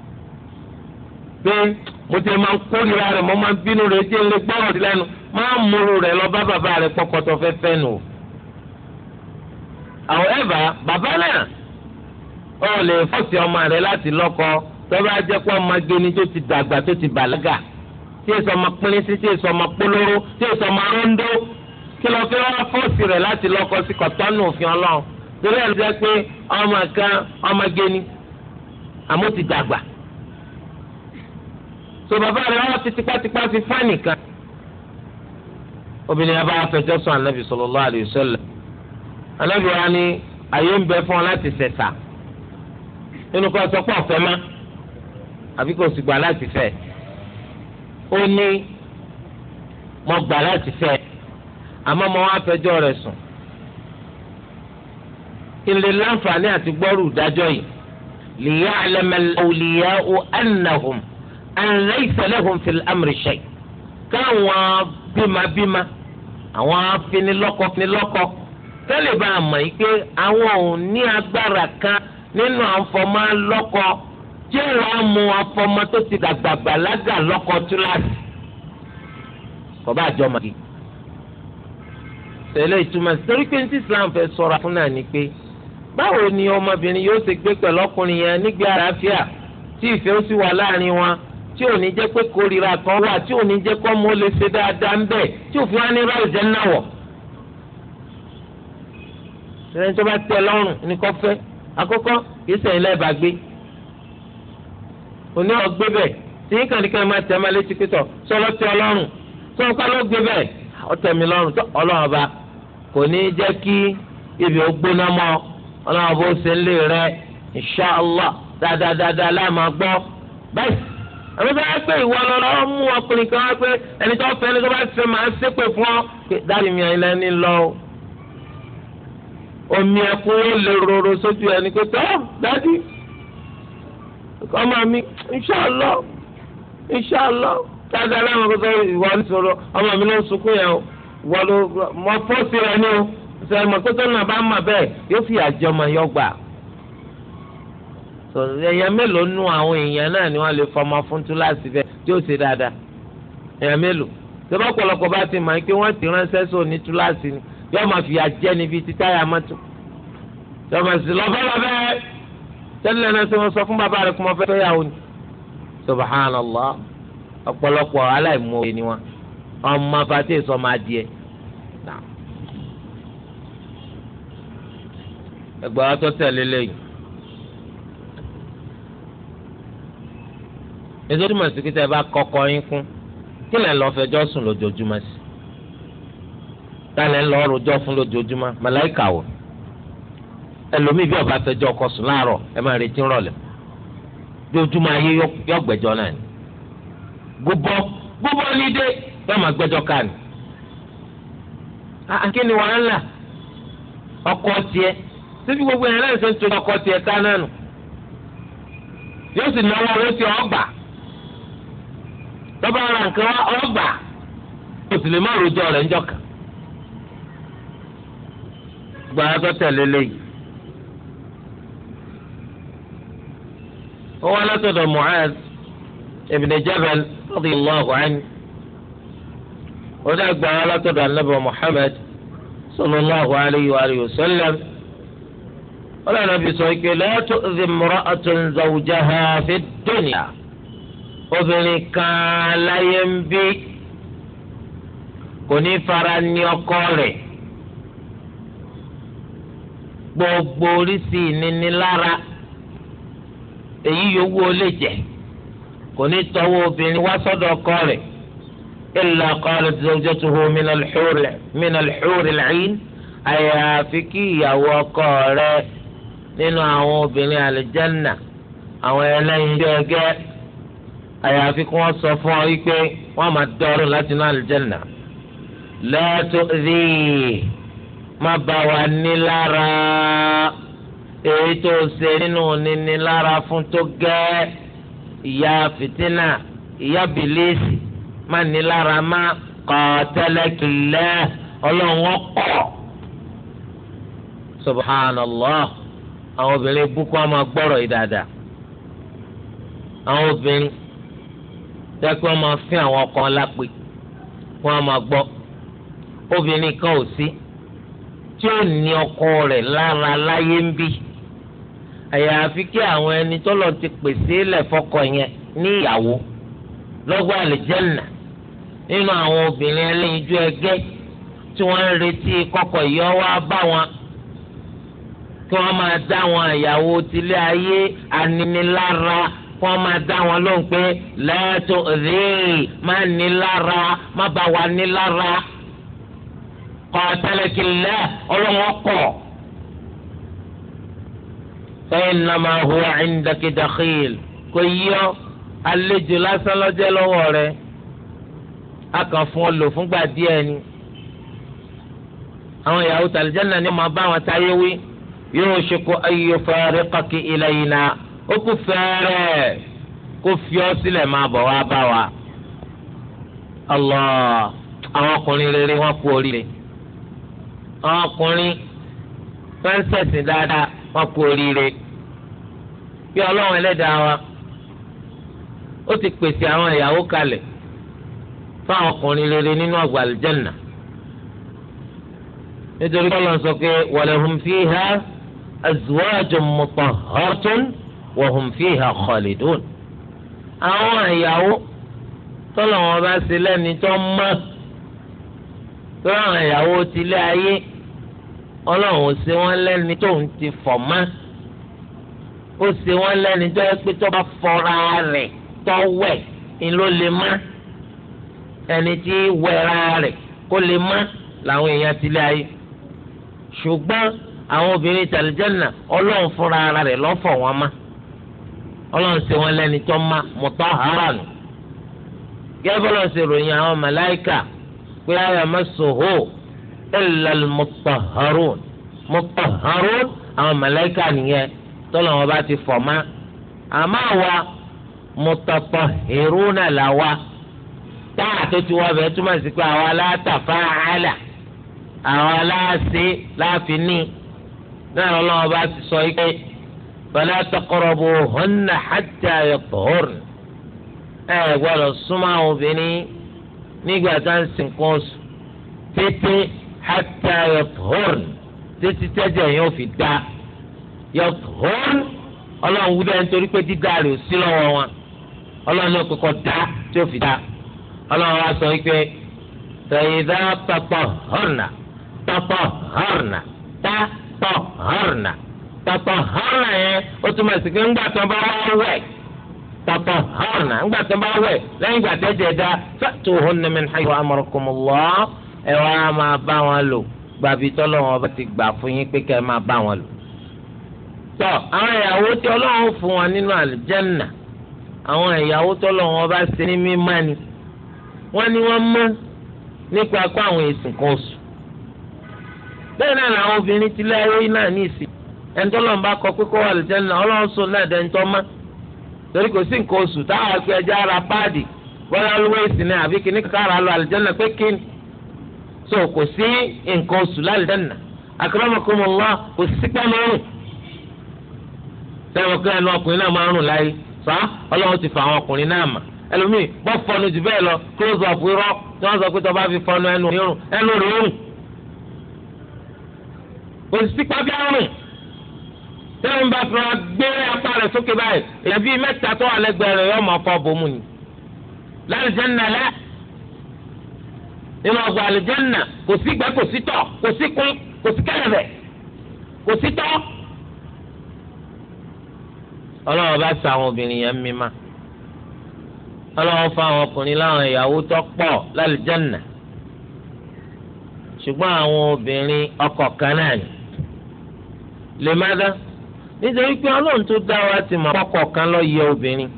A: pé mo ti máa ń kórìíra rẹ̀ mo máa ń bínú rẹ̀ jẹ́ ilé gbọ́rọ̀ rẹ̀ lẹ́nu máa ń múru rẹ̀ lọ bá bàbá nù. bàbá náà Ọ lè fọ́ọ̀sì ọmọ rẹ láti lọ́kọ tọ́ba jẹ́ pé ọmọ geni tó ti dàgbà tó ti bàlágà tí èso ọmọ pínínsí tí èso ọmọ polówó tí èso ọmọ rondo kí lọ fẹ́ wá láti lọ́kọ sí kọ̀tọ́nù òfin ọlọ́run torí ẹ̀ pé ọmọ so bàbá ti tipátipá fi fáànì kan obìnrin yẹn bá fẹjọ́ sùn ànábì ni àyè ń bẹ fún ọ láti nínú kó sọ pé ọ̀fẹ́ má àbí kò sì gbà láti fẹ́ ó ní mo gbà láti fẹ́ àmọ́ mo wá fẹjọ́ rẹ̀ sùn ilé láǹfààní àti gbọ́rù dájọ́ yìí lìyá alẹ́mẹ́lẹ́wòlìyá ó ẹnàhùn ẹnlẹ́ ìsẹ̀lẹ̀hùn fìlẹ̀ amúrìṣẹ́ káwọn bímabíma àwọn afinilọ́kọ finilọ́kọ tẹ́lẹ̀ bá a mọ̀ yìí pé àwọn ò ní agbára kan nínú àǹfọ̀mọ́ lọ́kọ tí wọ́n mú àǹfọ̀mọ́ tó ti dàgbà gbàlágà lọ́kọ túláàsì kò bá àjọ màgì. tẹ̀lé ìtumọ̀ sí torí pé ní tí Islam fẹ́ sọ̀rọ̀ fún náà ni pé báwo ni ọmọbìnrin yóò ṣe gbé pẹ̀lú ọkùnrin yẹn nígbé àlàáfíà tí ìfẹ́ ó sì wà láàrin wọn tí ò ní jẹ́ pé kórìíra kan wà tí ò ní jẹ́ kó mọ́ lè ṣe dáadáa ń bẹ̀ tí òfin wa ní ráàlì jẹ́ náà wọ̀. ìrẹ́ni tó bá tẹ́ lọ́rùn ní kò fẹ́ Akụkọ kìí sẹ́yìn lẹ́ẹ̀bà gbé òní ọ̀gbé bẹ̀ tí yín kàn ní kẹ́ máa tẹ̀ máa létí pítọ̀ sọlọ́ tẹ ọlọ́run tó ń ló gbé ibi ó gbóná mọ́ ọlọ́run ọba ó ṣe ń lè rẹ dáadáa láàmú bẹ́ẹ̀ àmì bá pé ìwọ lọ́rọ́ mú ọkùnrin kan wá pé ẹni tó fẹ́ ẹni tó bá fẹ́ máa omi ẹkún yóò lè roro sójú ẹni pé tọ́ dádì ọmọ mi inṣàlọ́ inṣàlọ́ dáadáa láwọn kò sọ ìwà nísòro ọmọ mi ló ń sunkún yẹn o wọ́n ló mọ fọ́ọ̀sì rẹ ní o sọ̀rọ̀ mọ̀ pé tọ́nà bá mà bẹ́ẹ̀ yóò fi àjọ ọmọ yọ gbà. èèyàn mélòó nú àwọn èèyàn náà ni wọ́n lè fọmọ fún túláàsì bẹ́ẹ̀ tí ó ṣe dáadáa èèyàn mélòó. sọ́bàpọ̀lọpọ̀ bá ti mọ̀ pé wọ́n ti ránṣẹ́ sóò ní túláàsì ni yọ máa fìyà jẹ níbi tí táyà mọ́tò yọ máa sì lọ́fẹ́ lọ́fẹ́ tẹ́lẹ̀ náà sọ wọn sọ fún bàbá rẹ̀ kó mọ fẹ́ fẹ́yàwó ni subhanallah ọ̀pọ̀lọpọ̀ aláìmoore ni wọn ọmọ fati sọ máa di ẹ. ẹgbẹ́ wa tó tẹ̀lé lẹ́yìn. nítorí màsíkítà ẹ bá kọ́kọ́ yín kún kí lè lọ́ọ́ fẹjọ́ sùn lójoojúmọ́ sí.
B: tálẹ̀ ń lọ rojọ́
A: fún lójoojúmọ́ màláìkà wò ẹlòmíì bí ọba fẹjọ́ ọkọ sùn láàárọ̀ ẹ máa retí rọ̀lẹ́ lójoojúmọ́ ayé yọ gbẹ́jọ́ náà ni gbogbo gbogbo nídé máa ká ni akíni wàhálà ọkọ síbi gbogbo yẹn náà ṣe ń ọkọ ká náà nù yóò sì náwó sí ọgbà tọ́ba ara nǹkan ọgbà lè má rojọ́ rẹ̀ kan. gbogbo àwọn tó tẹ̀lé léyìí. ó wá látọ̀dọ̀ Mu'az ibn Jabal radiyallahu anhu ó dá gba àwọn látọ̀dọ̀ Ànábì Muhammad sallallahu alayhi wa alihi wa sallam ó lọ́nà bí sọ pé la tu'dhi imra'atun zawjaha fi dunya obìnrin kan láyé ń bí kò ní fara ní ọkọ rẹ̀ gbogbo oríṣi ìnínilára èyí yòówù ó lè jẹ kò ní tọwọ́ obìnrin wá sọ́dọ̀ ọkọ rẹ̀ illa qalat zawjatuhu minal huril ayn àyàfi kí ìyàwó ọkọ rẹ̀ nínú àwọn obìnrin àlìjánà àwọn ẹlẹ́yin gẹ́gẹ́ àyàfi kí wọ́n sọ fún ọ wípé wọ́n máa dọ́rùn láti inú àlìjánà la tu'dhi. ma bá wa ní lára èyí tó ṣe nínú níní lára fún tó gẹ́ ìyá fìtínà ìyá bìlíìsì má ní lára má kọ́tẹ́lẹ́kìlẹ́ ọlọ́run ọkọ̀ subhanallah àwọn obìnrin búkú á gbọrọ gbọ́rọ̀ yìí dáadáa àwọn obìnrin dẹ́kun ọmọ fi àwọn ọkọ̀ ńlá pé wọ́n gbọ obìnrin kan ò sí. Si tí ó ní ọkọ rẹ̀ lára láyé ń bí àyàfi kí àwọn ẹni tọ́lọ̀ ti pèsè lẹ́fọ́kọ yẹn ní ìyàwó lọ́gbà àlìjẹ́nà nínú àwọn obìnrin ẹlẹ́yinjú ẹgẹ́ tí wọ́n ń retí kọ́kọ́ yọ wá bá wọn kí wọ́n máa dá wọn àyàwó tilé ayé aninilára kí wọ́n máa dá wọn lóhùn pé lẹ́ẹ̀tọ́ rèé má nílára má bá wa nílára. kọ́tẹ́lẹ́kìlá ọlọ́wọ́ kọ̀. sẹ́yìn náà máa hu kò àlejò lásán lọ́jẹ́ lọ́wọ́ rẹ̀ a kàn fún ọ lò fúngbà díẹ̀ ni. àwọn ìyàwó ni màá bá wọn táyé wí yóò àwọn ọkùnrin wọ́n ń ṣẹ̀sìn dáadáa wọ́n kú oríire bí ọlọ́run ẹlẹ́dàá wa ó ti pèsè àwọn ìyàwó kalẹ̀ fáwọn ọkùnrin rere nínú ọgbà àlùjẹ́nà nítorí kọ́ ló ń sọ pé walahum fiha azwajun mutahharatun wa hum fiha khalidun àwọn ìyàwó tọ́lọ̀ wọn bá ṣe lẹ́ni tó mọ́ tó àwọn ìyàwó tilé ayé ọlọ́run ò ṣe wọ́n lẹ́ni tó ń ti fọ̀ mọ́ ó ṣe wọ́n lẹ́ni tó yẹ pé tó bá fọra rẹ̀ tọ́wẹ̀ ni ló lè má ẹni tí wẹ̀ra rẹ̀ kó lè má làwọn èèyàn tilé ayé ṣùgbọ́n àwọn obìnrin tàlìjẹ́nà ọlọ́run fúnra ara rẹ̀ lọ́fọ̀ wọn má ọlọ́run ṣe wọ́n lẹ́ni tó má mọ̀tọ́ àárà nù gẹ́gẹ́ bọ́lá ṣe ròyìn àwọn màláìkà pé àyà mẹsòhó illal mutahharun mutahharun àwọn màláíkà nìyẹn tọ́lọ̀ wọn bá ti fọ̀ má àmọ́ àwa mutatahhiruna làwa táà tó ti wọ́ bẹ́ẹ̀ túmọ̀ sí pé àwa látàfáàlà àwa láàṣẹ láàfin ní náà lọ́wọ́ bá ti sọ yìí pé fala taqrabuhunna hatta yatahurna ẹ gbọ́dọ̀ súnmọ́ àwọn obìnrin. nígbà tá à ń sin kan oṣù tètè hàtà yọtọ̀hún tètè tẹ́jẹ̀ yẹn ò fi dá yọtọ̀hún ọlọ́run wúdà nítorí pé dídá rẹ̀ sí lọ́wọ́ wọn ọlọ́run náà kọ́kọ́ dá tí ó fi dá ọlọ́run wa sọ wípé tẹ̀yìndà pàpọ̀ hàrnà pàpọ̀ yẹn ó túmọ̀ sí pé ńgbà tó bá wọ́n wẹ̀. tọ̀tọ̀ hàrùnà ńgbà tó bá wẹ̀ lẹ́yìn ìgbà tẹ́jẹ̀ dá sọ́tù hunna min haythu amarakumullah ẹ wá máa bá wọn lò gbàbí bá ti gbà fún yín pé kẹ́ ẹ máa bá wọn lò. tọ́ àwọn ìyàwó tí ọlọ́run fún wọn nínú àlùjẹ́nà àwọn ìyàwó bá ṣe ní mímá ni wọ́n ní wọ́n mọ́ nípa kó àwọn èsì kan oṣù. bẹ́ẹ̀ obìnrin ti lé ayé náà ní torí kò sí nǹkan oṣù táwọn ẹgbẹ́ ẹja ara páàdì bọ́lá lóyèsì ni àbí kíní kára lọ àlìjẹ́nà pé kíni so kò sí nǹkan oṣù lálìjẹ́nà akramakumullah kò sí pẹ́lẹ́rìn sẹ́wọ̀n kí ẹnu ọkùnrin náà máa ń rùn láyé sá ọlọ́run ti fa àwọn ọkùnrin náà mà ẹlòmíì bọ́ fọnu jù bẹ́ẹ̀ lọ close up irọ́ tí wọ́n sọ pé tó bá fi fọnu ẹnu rírùn ẹnu rírùn kò sí pàbí àrùn tẹ́lẹ̀ bá fún wa gbé apá rẹ̀ sókè báyìí èyí bíi mẹ́ta tó wà lẹ́gbẹ̀ẹ́ rẹ̀ yọ ọmọ ọkọ bòmù ni lálùjẹ́nà lẹ́ nínú ọgbà àlùjẹ́nà kò sí gbẹ́ kò sí tọ̀ kò sí kún kò sí kẹ̀rẹ̀bẹ̀ kò sí tọ́. ọlọ́wọ́ bá sa àwọn obìnrin yẹn mímá ọlọ́wọ́ fa àwọn ọkùnrin láwọn ìyàwó tó pọ̀ lálùjẹ́nà ṣùgbọ́n àwọn obìnrin ọkọ kan náà ni lè má dán. nítorí pé ọlọ́run tó dá wa ti mọ̀ ọkọ̀ kan lọ yẹ obìnrin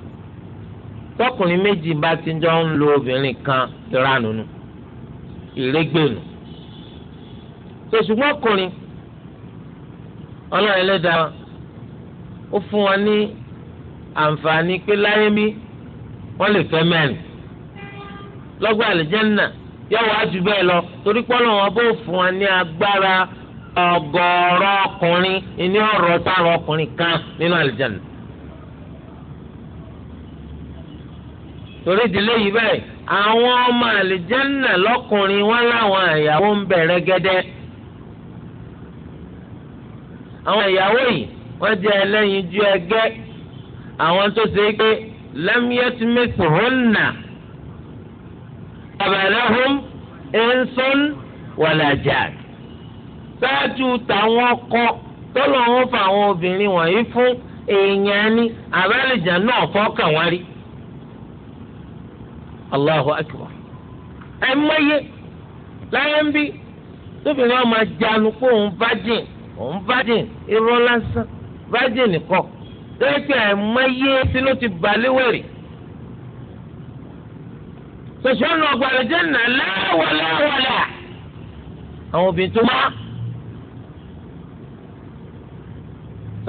A: tọkùnrin méjì bá ti jọ ń lo obìnrin kan ìranùnù ìrégbènù tòṣùgbọ́n ọkùnrin ọlọ́run ẹlẹ́dàá ó fún wa ní àǹfààní pé láyé mi wọ́n lè fẹ́ mẹ́rin lọ́gbà ọgọ́rọ̀ ọkùnrin ní ọ̀rọ̀ táwọn ọkùnrin kan nínú àlìjáde. torí ìdílé yìí bẹ́ẹ̀ àwọn ọmọ àlìjáde lọ́kùnrin wọn láwọn àyàwó ń bẹ̀rẹ̀ gẹ́dẹ́. àwọn àyàwó yìí wọ́n jẹ́ ẹlẹ́yinjú ẹgẹ́ àwọn tó ṣe é pé lẹ́míẹ́tìmẹ́tì hùnà ọ̀bẹ̀rẹ̀ ẹ̀ńsọ́n wàlájà. ṣáájú tàwọn ọkọ tọ́lọ̀ wọn fa àwọn obìnrin wọ̀nyí fún èèyàn ni àbálẹ̀jà náà fọ́kàn wọn rí. Allahu akbar. ẹ mọ́yé láyé ń bí tóbìnrin wọn máa jánu pé òun virgin òun virgin irọ́ lásán virgin nìkan lẹ́yìn ẹ mọ́yé tí ti balẹ̀wẹ̀rì.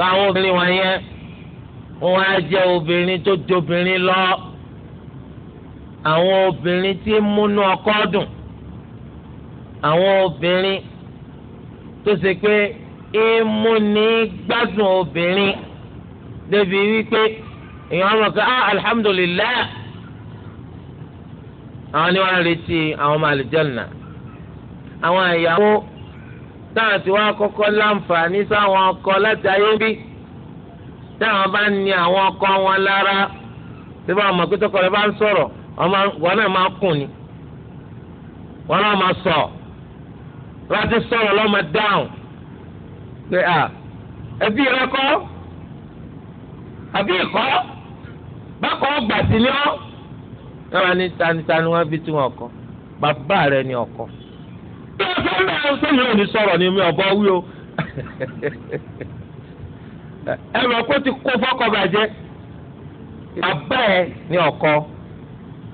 A: táwọn obìnrin wọn yẹn wọn á jẹ́ obìnrin tó jobìnrin lọ àwọn obìnrin tí múnú ọkọ dùn àwọn obìnrin tó ṣe pé ìmúni gbádùn obìnrin débi wípé èèyàn mọ̀ pé ah alihamudulilayi àwọn ni wọ́n retí àwọn ọmọ àlùjànnà àwọn ìyàwó. táwọn tí wọ́n kọ́kọ́ láǹfààní sáwọn ọkọ láti ayé bí táwọn bá ni àwọn ọkọ wọn lára tí wọ́n mọ̀ pé tọkọ rẹ̀ bá ń sọ̀rọ̀ wọn náà máa kùn ni
B: wọn náà máa sọ
A: láti sọ̀rọ̀ lọ́mọ dáhùn pé à
B: ẹbí rẹ kọ́ àbí ìkọ́ bákan ọgbà sí ni ọ́
A: náà ní tanitani wọn fi tún ọkọ bàbá rẹ ni ọkọ. sẹ́yìn ò ní sọ̀rọ̀ ni mi ò bá wí o ẹ̀rọ kó ti kó fọ́kọ bàjẹ́ bàbá ẹ̀ ní ọkọ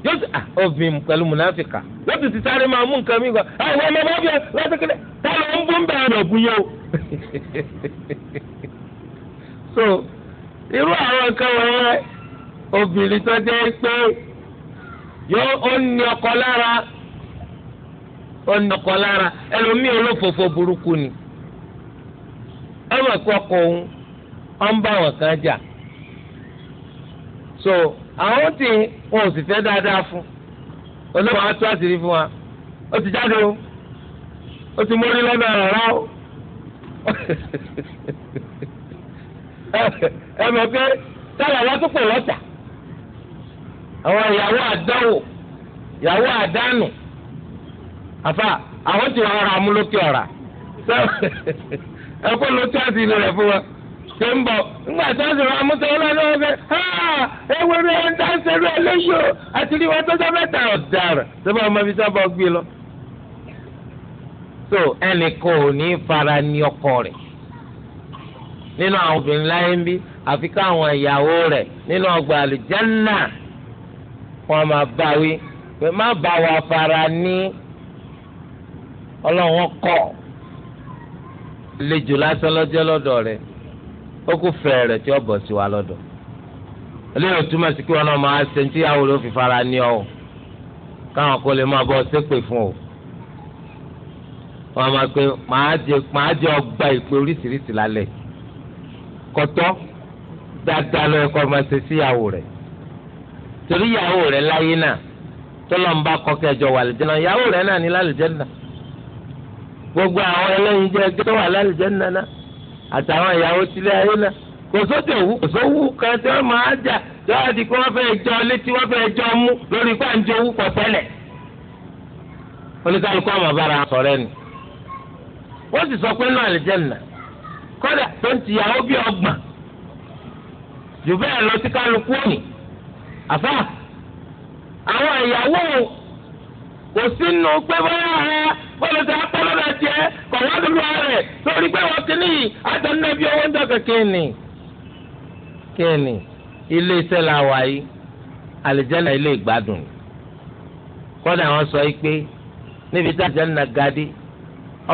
A: yóò ti obìnrin pẹ̀lú mùnáfìkà yóò ti ti sáré máa mú nǹkan mi gbà àwọn ọmọ bá bẹ láti kéde táwọn ń bọ́ ń bẹ̀rẹ̀ ọ̀gùn yẹn o. so irú àwọn nǹkan wọ̀nyẹn
B: obìnrin tó jẹ́ pé yóò ó ní ọkọ
A: lára. onukọ lára ẹlòmíì burúkú ni ọmọ ẹkọ òun ọ wọn kan jà so àwọn tí wọn ò sì fẹ́ dáadáa fún olóòwò àti àṣírí fún wa ó ti jáde o ó ti mórí lọ́nà ọ̀rá o
B: ẹ pé táwọn ọ̀rá
A: lọ́tà àwọn ìyàwó àdánwò
B: ìyàwó àdánù.
A: àfà àwọn ti amúlókè a ti rẹ̀ fún wa ṣe ń bọ̀ ńgbà tí kemgbe sì rán amúta ń dá ẹ léṣọ àti ní wọn tó tà ọmọ ibi sábà gbé lọ. so ò ní fara ní ọkọ nínú àwọn obìnrin láyé ń bí àfi káwọn ìyàwó nínú ọgbà wọn máa ọlọ́run kọ́ lejò lásán lọ́jọ́ lọ́dọ̀ rẹ̀ ó kú fẹ́ rẹ̀ tí ó bọ̀ sí wa lọ́dọ̀ eléyìí túmọ̀ sí pé wọn náà máa ṣe tí àwọn olófin fara ní ọ káwọn kò lè máa bọ́ ṣépè fún o wọn máa pe màá jẹ ọgbà ìpè oríṣiríṣi lálẹ́ kọtọ́ dáadáa lọ́yẹ kọ́ máa ṣe síyàwó rẹ̀ torí ìyàwó rẹ̀ láyé náà tọ́lọ́mbà kọ́kẹ́jọ wà lẹ́jẹ̀ náà ìyàwó rẹ̀ náà ní lálẹ́jẹ̀ náà gbogbo àwọn ẹlẹ́yin jẹ́ ẹgbẹ́ tó wà lálùjẹ́ nana àtàwọn ìyàwó tilẹ̀ ayé náà kò sóde òwú kò sówú kan tí wọ́n máa jà lọ́wọ́ di kí wọ́n fẹ́ jọ létí wọ́n fẹ́ jọ mú lórí pọ̀ tẹ́lẹ̀ ọmọ bára sọ̀rọ̀ wọ́n sì sọ pé náà àlùjẹ́ nà kọ́dà tó ń tìyàwó bí ọgbọ̀n jù bẹ́ẹ̀ lọ sí kálukú òní àfà
B: àwọn olùsọ apọlọdà jẹ kọwádùúgbò rẹ lórí pé wọn kìíní yìí àtẹnudàbí
A: owó ń dọkẹ kéènì kéènì ilé la wà yìí àlìjẹnà ilé ìgbádùn kọ́dà wọn sọ pé níbi tí àlìjẹnà gadí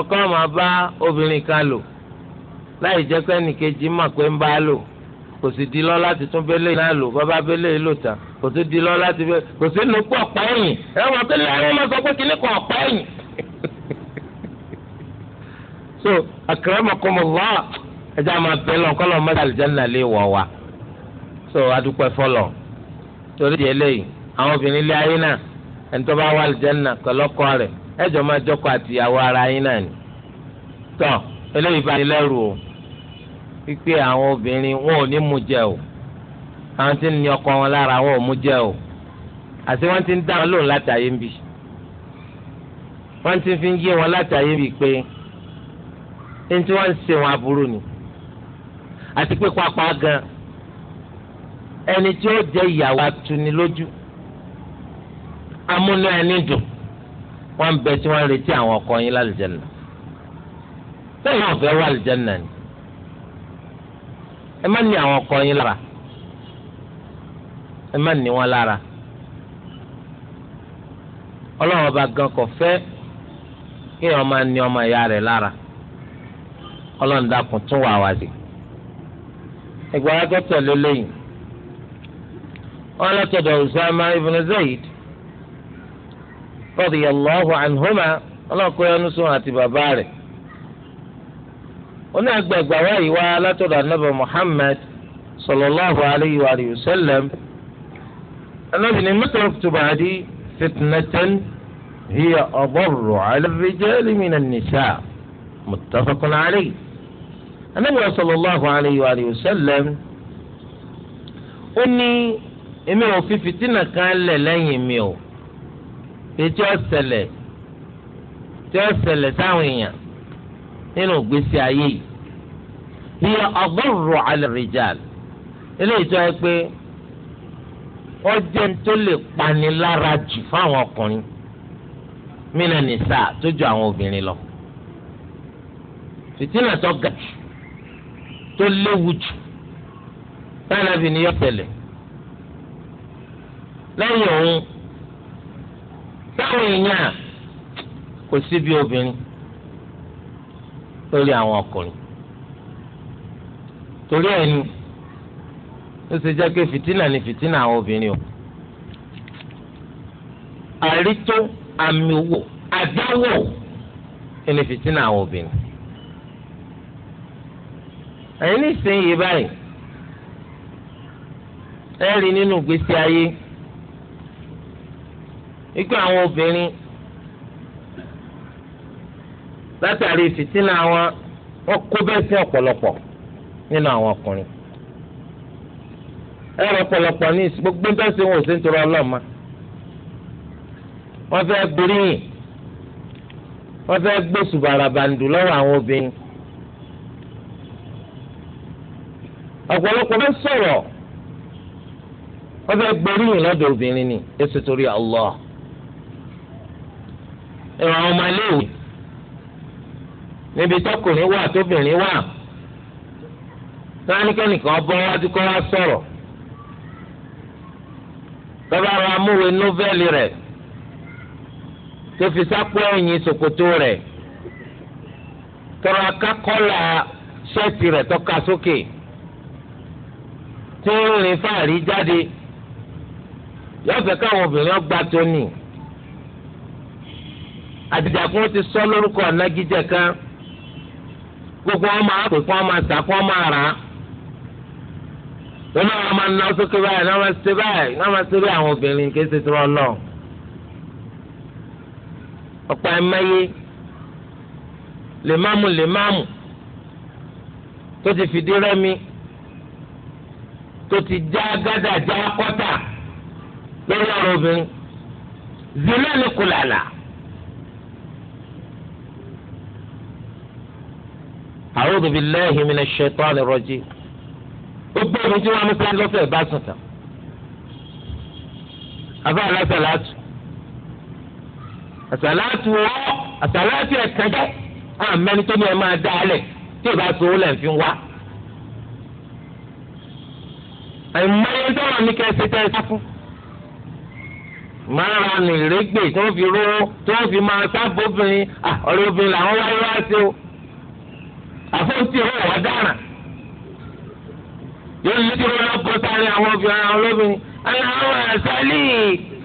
A: ọkọ máa bá obìnrin kan lò láì jẹ́ pé ẹnìkejì mọ̀ pé ń bá lò kò sì di lọ láti tún bẹ́lẹ̀ náà lò bàbá bẹ́lẹ̀ lò tán kò sì di lọ láti bẹ́lẹ̀ kò sì lò pọ̀ ọ̀pá ẹ̀rọ mọ̀ pé lẹ́yìn ọmọ sọ pé kìnnìkan ọ̀pá so akramakumullah ẹja máa bẹ lọ kọlọ mọsálì jẹnà lè wọ wa so adúpẹ́ fọlọ torí di eléyìí àwọn obìnrin ilé ayé náà ẹni tó bá wà lìjẹnà kọlọkọ rẹ ẹjọ máa jọkọ àtìyàwó ara yín náà ni tọ eléyìí bá lẹ́rù o wípé àwọn obìnrin wọn ò ní mú jẹ o àwọn tí ń ní ọkọ wọn lára wọn ò mú jẹ o àti wọn ti ń dá wọn lóhùn látàyè ń bì wọn ti fi ń yé wọn látàyè ń bì pé ní tí wọ́n ń ṣe wọn aburú ni àti pé pápá gan ẹni tí ó jẹ́ ìyàwó atunilójú amúnú ẹni dùn wọ́n ń bẹ tí wọ́n retí àwọn ọkọ yín lálùjẹ́nà lẹ́yìn ọ̀fẹ́ wà lùjẹ́nà ni ẹ má ní àwọn ọkọ yín lára ẹ má ní wọn lára ọlọ́run ọba gan kò fẹ́ kí ọmọ ní ọmọ ìyá rẹ̀ lára ọlọ́run dákun tún wà wá sí. ẹgbẹ́ wa tó tẹ̀lé lẹ́yìn wọn lọ́tọ̀dọ̀ Usama ibn Zayd radiyallahu anhuma ọlọ́kọ̀ yẹn nùsùn àti bàbá rẹ̀. wọn náà gba ẹgbẹ́ wa yìí wá látọ̀dọ̀ anábì Muhammad sallallahu alayhi wa sallam anábì ní mẹ́tọ́rọ̀kùtù bàdí fitnatan hiya adarru ala rijali nisa' muttafaqun alayhi anabi sallallahu alayhi wa sallam ó ní èmi ò fi fìtínà kan lẹ̀ lẹ́yìn mi o ètí ọ̀sẹ̀lẹ̀ tí ọ̀sẹ̀lẹ̀ sáwọn èèyàn nínú ìgbésí ayé yìí hiya adarru ala rijal eléyìí tó yẹ pé ó jẹ́ tó lè pani lára jù fáwọn ọkùnrin mina nisa tó ju àwọn obìnrin lọ. Fitina tó ga jù tó léwu jù tánàbì ni yóò tẹ̀lé lẹ́yìn òun táwọn èèyàn kò síbi obìnrin lórí àwọn ọkùnrin torí ẹni ó ṣe jẹ́ pé fìtínà ni fitina àwọn obìnrin o àrító àmì wò àdáwò ni fitina àwọn obìnrin ẹ̀yin nísìnyí báyìí ẹ rí nínú ìgbésí ayé ikú àwọn obìnrin látàrí fìtínà wọn wọn kó bẹ́ẹ̀ sí ọ̀pọ̀lọpọ̀ nínú àwọn ọkùnrin ẹ ọ̀pọ̀lọpọ̀ ní gbogbo ń tẹ́sí wọn ò sí nítorí ọlọ́ọ̀ma wọ́n fẹ́ gbóríyìn wọ́n fẹ́ lọ́wọ́ àwọn obìnrin ọ̀pọ̀lọpọ̀ bá sọ̀rọ̀ wọ́n fẹ́ gbóríyìn lọ́dọ̀ obìnrin ni èso torí ẹ̀rọ àwọn ọmọ níbi tọkùnrin wà tóbìnrin wà bọ́ wájú kọ́ wá sọ̀rọ̀ nọ́vẹ́lì rẹ̀ tí ń rìn fáàrí jáde yóò fẹ́ káwọn obìnrin ọgbà tó nì àdìjàkún ti sọ lórúkọ ọ̀nàgíjẹ kan gbogbo wọn máa pè kí wọn máa tà kí wọn máa rà á lọ́nà àwọn máa ń náwó sókè báyìí náà máa ṣe báyìí náà máa ṣe báyìí àwọn obìnrin kì í ṣe tọrọ lọ. ọ̀pọ̀ ẹ̀mẹ́yé lèmáàmù lèmáàmù tó ti fìdí rẹ́mi tó ti já gádà já kọ́tà lórí ọ̀rọ̀ obìnrin zina ni kulala a'udhu billahi minash shaitani rajim gbogbo omi tí wọ́n mú sí lọ́sẹ̀ bá sùn tán afa alasalatu asalatu wọ asalatu ẹ̀kẹ́jẹ́ àmẹ́ni tó ní ẹ máa dá alẹ̀ tí ìbá sọ ó wá. àìmọye tọrọ ní kẹsì tẹ ẹ sá fún máa ra ní ìrégbè tí wọ́n fi rówó tí wọ́n fi máa sábò obìnrin ọ̀rẹ́ obìnrin làwọn wáyé wá sí o àfọwọ́sí ọ̀rọ̀ wà dára yóò lè dúró lọ́pọ̀ sáré àwọn obìnrin àwọn olóbìnrin
B: aláwọ̀ àṣálì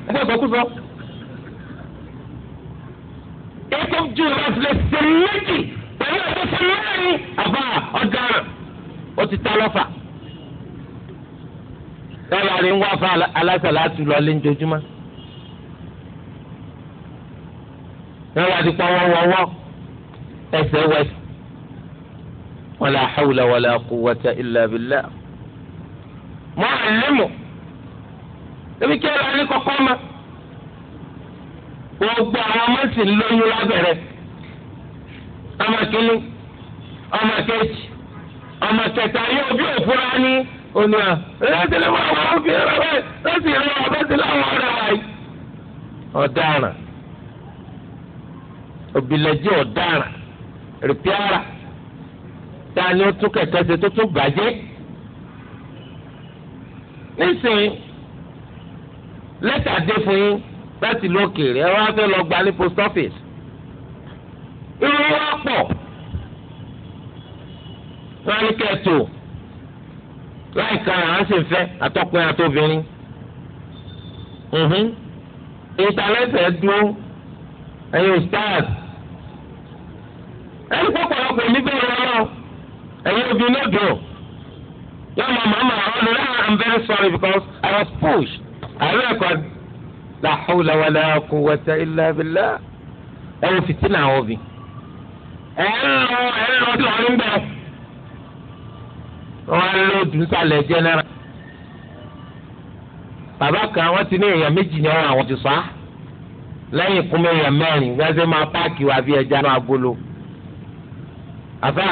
B: ẹgbẹ́gbẹ́kúsọ. ètò ju ìrọ̀sílẹ̀ sí méjì pẹ̀lú ìrọ̀sílẹ̀ mẹ́rin
A: àbá ọ̀daràn ó ti ta lọ́fà dọ́là rẹ̀ ń wá fún alásàlátù lọ́lé ńjojúmọ́. wọ́n wá di pọ́wọ́ wọ́wọ́ ẹsẹ̀ wẹ̀sì.
B: wala hawla
A: wala quwwata illa billah.
B: mọ́ àlẹ́mọ̀ ebi kí ẹ̀rọ ní kọ́kọ́ ma. gbogbo àwọn ọmọ sì ń lóyún lábẹ́rẹ́. ọmọ kìíní ọmọ kejì ọmọ kẹta yóò bí òfurá ní ó ní à ah, ẹ̀rẹ́ tẹ́lẹ̀ wá àwọn òfin ẹ̀rọ rẹ̀ lọ́sì ẹ̀rọ ọ̀bẹ ti láwọn ọ̀rẹ́ wa yìí.
A: ọ̀daràn òbílẹ̀jì ọ̀daràn rìpíárà tá a ní ó tún kẹ̀kẹ́ ṣe tó tún bàjẹ́. nísìnyí lẹ́tà dé fún yín láti ìlú òkèèrè ẹ wá fẹ́ lọ gba ní post office. irun wa pọ̀ wọ́n ní kẹ́ẹ̀tọ́ láìka àwọn sì ń fẹ́ àtọkùnrin àtobìnrin mm-hmm. ìtàlẹ́sẹ̀ dúró ẹ̀yin stars ẹ̀yin pọ̀pọ̀lọpọ̀ níbẹ̀rẹ̀ ọlọ́
B: ẹ̀yin obìnrin náà dùn yóò mọ màmá àwọn olùrẹ́ I'm very sorry because
A: I was pushed àárẹ̀ ẹ̀kọ́ la hawla wala quwwata illa billah ẹ̀yin fìtínà àwọn obìnrin ẹ̀
B: ń lọ ẹ̀ ń lọ sí ọ̀rẹ́ ń
A: wọ́n á lóòdù nsàlẹ̀ general. bàbá kan wọ́n ti ní èèyàn méjì yẹn wọ́n àwọn ti sọ á lẹ́yìn ìkúnmọ́ èèyàn mẹ́rin gbẹ́sẹ̀ máa páàkì wá bí ẹja náà agolo. àbá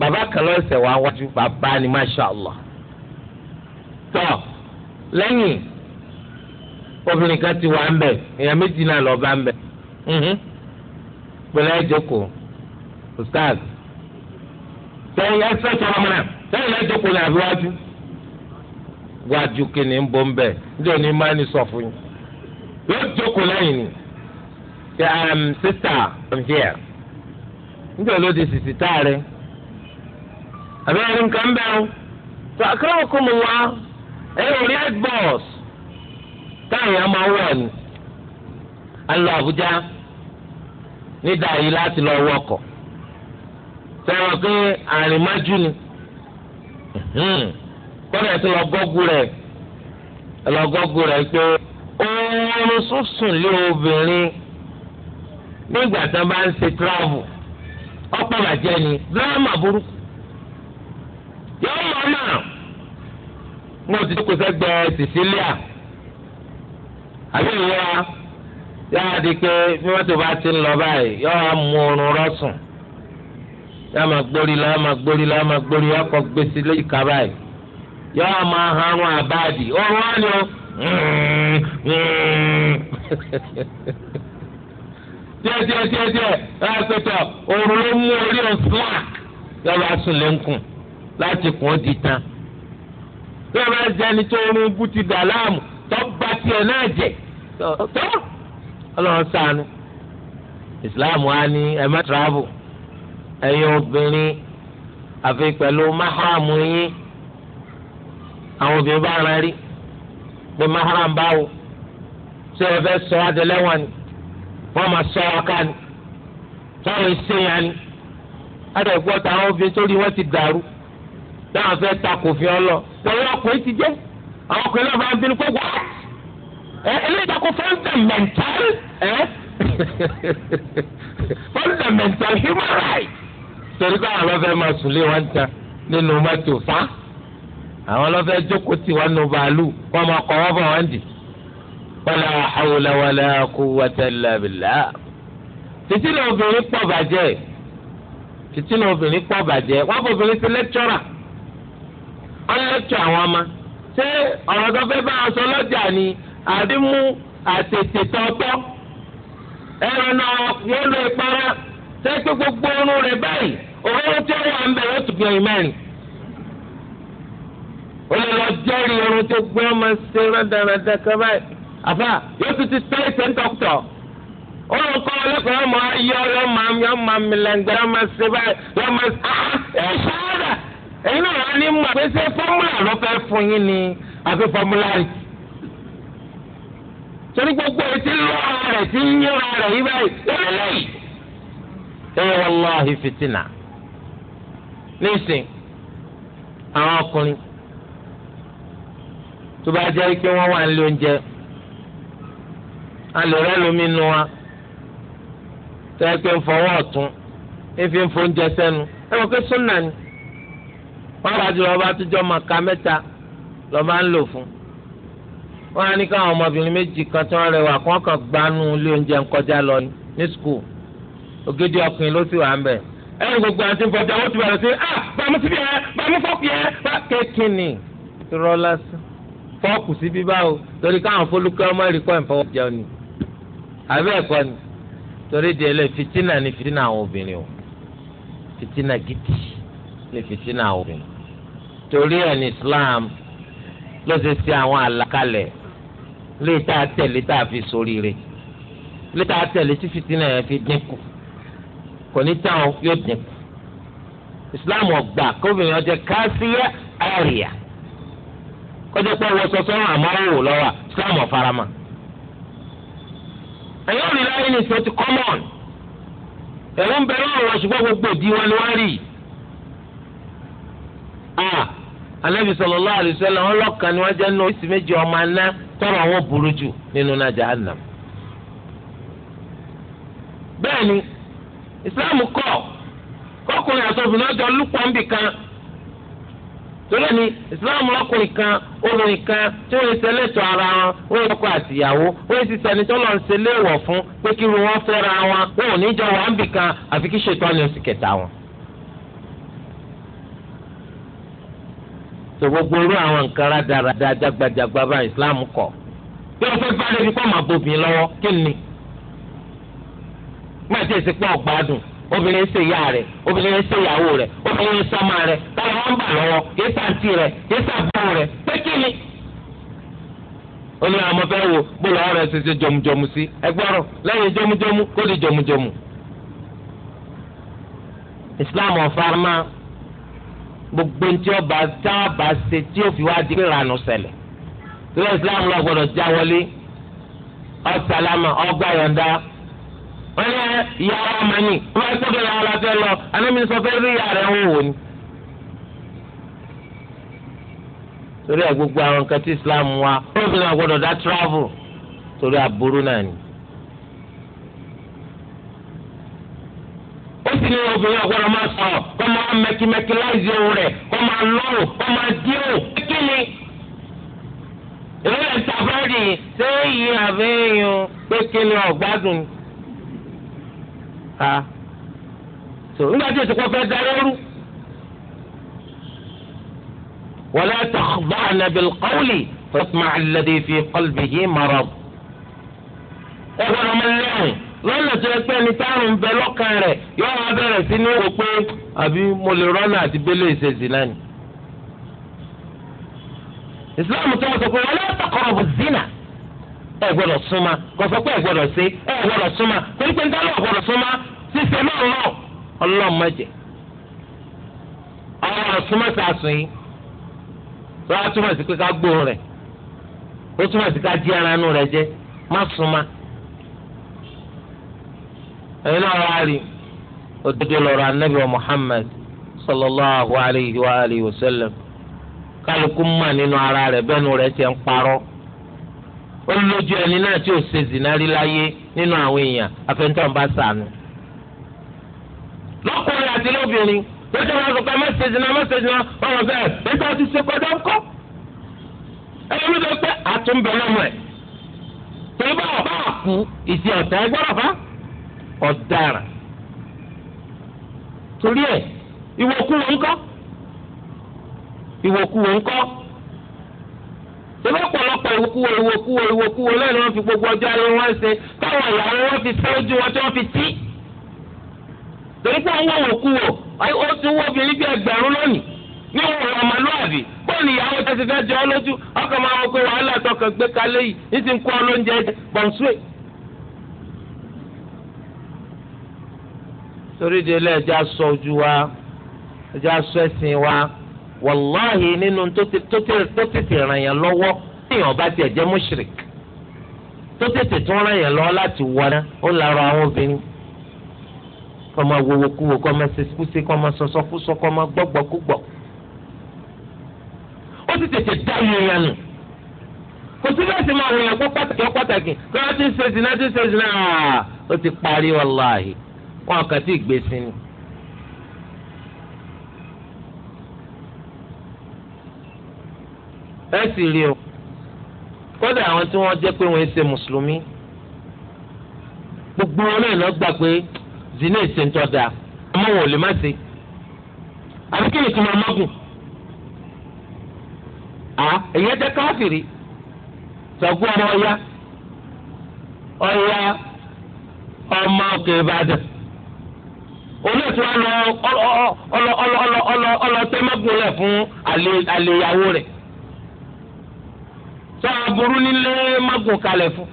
A: bàbá kan lọ́sẹ̀ wá wájú bàbá ni masha allah. tọ́ lẹ́yìn obìnrin kan ti wà ń bẹ̀ èèyàn méjì náà lọ́ọ́ bá ń bẹ̀. pẹ̀lú ẹ̀jẹ̀ kò ustaz tẹ̀yìn ẹsẹ̀ sọ̀rọ̀ mọ́nà tẹ̀yìn lẹ́jọ́ kò ní àbíwájú. wájú kìíní ń bọ́ ń bẹ̀ níjọ́ ní má ní sọ fún yín. yóò jókòó lẹ́yìn ni ṣe um, sister I'm here. níjọ́ ló di sìsì táàrẹ. àbẹ́rẹ́ nǹkan bẹ́ẹ̀ o. tó àkàrà òkú mu wá ẹ̀rọ red bus táyà máa wọ̀ ni. a lọ Àbújá nídàá yìí láti lọ wọkọ̀ sọ̀rọ̀ pé àrìmájú ni kọ́nà ẹ̀ tó lọ gọ́gù rẹ̀ lọ gọ́gù rẹ̀ pé oorun sísùn lé obìnrin nígbà tí wọ́n bá ń ṣe tíráàbù ọ̀pọ̀ bàjẹ́ ni dírámà burúkú yóò mọ̀ náà mo ti kó sẹ́gbẹ́ Sicilia àbí ìwé wa yóò di pé bí wọ́n ti bá ti ń lọ báyìí yóò mú oorun rọ́sùn yá máa gbórí lọ yá máa gbórí lọ yá máa gbórí yá kọ gbèsè lẹ́yìn kaba yìí yá máa hàn wọn àbáàdì ọ̀rọ̀ wọn ni ó
B: díẹ̀ díẹ̀ díẹ̀ díẹ̀ yá ló mú orí o slack
A: yá bá sùn lẹ́nkùn láti kùn ó di tán yá bá jẹni tó ń bú ti dà láàmú tó bá tiẹ̀ náà jẹ tó Ọlọ́run ṣàánú Islam wa ni ẹ má travel. ẹ̀yin obìnrin àfi pẹ̀lú máhàrámù yín àwọn obìnrin bá ara rí pé máhàrámù báwo ṣé ẹ fẹ́ sọ adẹlẹ́wọ̀n ni wọ́n máa sọ ọ̀ka ni sọ̀rọ̀ ìṣèyàn ni adẹ̀gbọ́ táwọn obìnrin tó rí wọ́n ti dàrú táwọn fẹ́ takò fi ọ lọ pẹ̀lú ọkùnrin ti jẹ́ àwọn ọkùnrin náà bá ń bínú pé wá ẹ eléyìí fundamental ẹ fundamental human rights. torí pé àwọn lọ́fẹ́ máa sùn lé wọn tán nínú mọ́tò fá àwọn lọ́fẹ́ jókòó tì wọn nù bàálù kọ́ máa kọ́ wọ́n bọ̀ wọ́n dì
B: wala hawla
A: wala quwwata illa billah. títí ní obìnrin pọ̀ bàjẹ́ títí ní obìnrin pọ̀ bàjẹ́ wọ́n fọ obìnrin sí lẹ́kítọ́rà wọ́n lẹ́kítọ́ àwọn ọmọ ṣé ọ̀rọ̀ tó fẹ́ bá wọn sọ lọ́jà ni àdìmú àtètè tọ́tọ́
B: ẹ̀rọ náà wọ́n lo ìpara ṣé pé gbogbo oorun rẹ̀ báyìí O tí ó wà ń
A: bẹ yóò tún gbìyànjú mẹ́rin ó lè lọ jẹ́rìí tó gbé ọmọ ṣe rádaràda kan àfà yóò tún ti sẹ́yìn sẹ́ńtọ́kítọ̀ ó lọ kọ́ ọmọ ayé ọlọ́mọ àmì ọmọ àmì lẹ́ngbẹ̀rẹ́ ọmọ ṣe báyìí ọmọ ah, náà wà ní ló fún yín ni àfi gbogbo etí nísìn àwọn ọkùnrin tó bá jẹ́ pé wọ́n wà nílé oúnjẹ alòrẹ́ lomi nu wa tó yẹ pé ń fọwọ́ ọ̀tún efi ń fóúnjẹ sẹ́nu ẹ wọ́n pé súnà ni wọ́n bá ti lọ́ba àtijọ́ màkà mẹ́ta lọ́ba ń lò fún wọ́n á ní káwọn ọmọbìnrin méjì kan tí wọ́n rẹwà kí kàn gbanú ilé oúnjẹ ńkọjá lọ ní skul ògidì ọkùnrin ló sì wà ń bẹ̀ẹ́ ẹni gbogbo àti nfọjà wọn ti bẹ̀rẹ̀ sí ah bàmú síbi yẹn bàmú fọkù yẹn bá kékin ni irọ́ lásán fọkù síbi báwo torí káwọn fọlùkẹ́ ọmọ rí kọ́ ìfọwọ́ jẹun ni àbí ẹ̀kọ́ ni torí di ẹlẹ́ fìtínà ni fitina àwọn obìnrin o fìtínà gidi ni fìtínà àwọn obìnrin torí ẹ̀ ní Islam ló ṣe ṣe àwọn àlàkalẹ̀ léètà tẹ̀lé tá a fi sóríire léètà tẹ̀lé tí fìtínà yẹn fi dínkù. kò ní tán o yóò dín kù islam ọgbà kóbìnrin ọjọ káṣíyà àríyá kọjá pé wọ́n sọ sọ́run àmọ́ wò islam ọ̀farama ẹ̀yọ́ rí láyé ní ẹ̀rọ ń bẹ gbogbo òdi wọn ni wọ́n rí anabi sallallahu alaihi wasallam ni wọn jẹ tọrọ àwọn burú jù nínú islam kọ kọkùnrin àti obìnrin ọjọ́ lùpọ̀ ń bì kan torí ni islam lọkùnrin kan obìnrin kan tí wọ́n ṣe lẹ́tọ̀ ara wọn wọ́n yẹ kó àtìyàwó wọ́n ti sẹni tó lọ ń ṣe léèwọ̀ fún pé kí irun fẹ́ra wọn gbogbo irú àwọn nǹkan rádaràda jagbajagba bá islam kọ bí wọ́n fẹ́ bá lè pọ́ má ti èsì pọ̀ gbádùn obìnrin ń ṣe ìyá rẹ̀ obìnrin ń ṣe ìyàwó rẹ̀ obìnrin ń sọmọ rẹ̀ táwọn wọn bà lọ́wọ́ kìí sàǹtì rẹ̀ kìí sàbọ̀ rẹ̀ pé kí ni. ó ní àwọn fẹ́ wo bó lọ́wọ́ rẹ̀ ṣe jọmujọmu sí ẹgbọ́rọ̀ lẹ́yìn jọmujọmu kó di jọmujọmu. Islam ọ̀farama gbogbo ntí ọba tá a bá ṣe tí ó fi wá di ìranù ṣẹlẹ̀ tí Islam lọ gbọ́dọ̀ já wọlé ọ̀sálámà ọgbà yọ̀ǹda wọ́n ní ìyá wa mà ní wọ́n ti gbọ́dọ̀ yàrá fẹ́ lọ anábì sọ fẹ́ rí ìyá rẹ̀ ń wò ni. torí ẹ gbogbo àwọn nǹkan tí Islam wa obìnrin àgbọ́dọ̀ dá travel torí aburú náà ni.
B: ó sì ní obìnrin àgbọ́dọ̀ máa sọ kọ́ máa mẹkimẹki
A: láìsí ohun rẹ̀ kọ́ máa lọ́rùn kọ́ máa dírò kíkíni èyí ẹ̀ ń ta búrẹ́dì ṣé ìyá àbẹ́yìn pé kí ni ọ̀gbádùn ni ká so nígbà tí èsìkò fẹ́ darí ẹrú wala takhda'na bil qawli fatma'a alladhi fi qalbihi marad
B: ẹgbẹ́ ọmọ lẹ́yìn
A: lọ́nà tó yẹ pé ẹni táàrùn bẹ lọ́kàn rẹ̀ yóò wá bẹ̀rẹ̀ sí ní wò pé àbí mo lè rọ́nà àti bẹ́lẹ̀ ìṣèṣì náà ni. ìsìláàmù tó wọ́n sọ pé wala taqrabu zina. ẹ gbọ́dọ̀ súnmọ́ kọsọ pé ẹ gbọ́dọ̀ ṣe ẹ gbọ́dọ̀ súnmọ́ torí pé nítorí ọ gbọ́dọ̀ súnmọ́ ṣíṣe náà lọ ọlọmọdé àwọn ọ̀rọ̀ sàásùn yìí túmọ̀ sí pé ká gbóhùn ó túmọ̀ sí ká ara jẹ má náà wá rí òdodo Muhammad sallallahu alayhi wa sallam
B: kálukú nínú ara
A: bẹ́ẹ̀ ti ń ó lójú ẹni náà tí ò ṣe zinari láyé nínú àwọn èèyàn afẹ́ntàn bá sànù. lọ́kùnrin àti lóbìnrin lọ́jọ́ wọn sọ pé
B: mẹ́sẹ̀jì náà mẹ́sẹ̀jì náà ọ̀rọ̀ bẹ́ẹ̀ nígbà tí ṣe kọjá ńkọ́. ẹni ló dé pé àtúnbẹ̀ lọ́mọ ẹ̀ torí bá ọ̀bá
A: àkú ọ̀tá
B: ọ̀daràn. torí ìwòkúwò ńkọ́ ìwòkúwò ńkọ́ tẹ́lẹ̀ ọ̀pọ̀lọpọ̀ ìwòkúwò ìwòkúwò ìwòkúwò lẹ́nu wọn fi gbogbo ọjọ́ ayé wọn ṣe káwọn ìyàwó wọn fi sẹ́jú wọn tí wọ́n fi tí. torí pé àwọn òkúwò ó ti wọ́ obìnrin bíi
A: ẹgbẹ̀rún lónìí ní òun ìyàwó lójú máa wọ pé wàhálà tọkàn gbé yìí ní ti ń lóúnjẹ wa ẹja sọ ẹsìn wa. wàláhì nínú tó tètè ràn yàn lọ́wọ́ téèyàn bá tiẹ̀ jẹ́ tó tètè ràn yàn lọ́wọ́ láti wọná ó lára àwọn obìnrin kọ́ máa wowo kúwo kọ́ máa ṣekúṣe kọ́ máa kọ́ máa ó tètè dá nù kò sí bẹ́ẹ̀ sì máa pàtàkì pàtàkì kí wọ́n ti ń ṣe ìsìn náà ti ń ṣe ìsìn náà ah, ó ti parí wàláhì wọn ẹ sì rí o kódà àwọn tí wọ́n jẹ́ pé wọ́n ṣe mùsùlùmí gbogbo wọn náà lọ gbà pé zina ìṣe ń tọ́da àmọ́ wọn ò lè má ṣe àbí kí ni tí wọ́n mọ́gùn à èyí jẹ́ káfìrí
B: sọ̀gbọ́n ọmọ ọ̀ya ọ̀ya ọmọ òkè Ìbàdàn olóòtú ọlọ ọlọ ọlọ ọlọ ọlọ ọlọ tẹmẹgùn rẹ fún àlè àlè ìyàwó rẹ̀
A: burú nílé mágùn kalẹ̀ fún.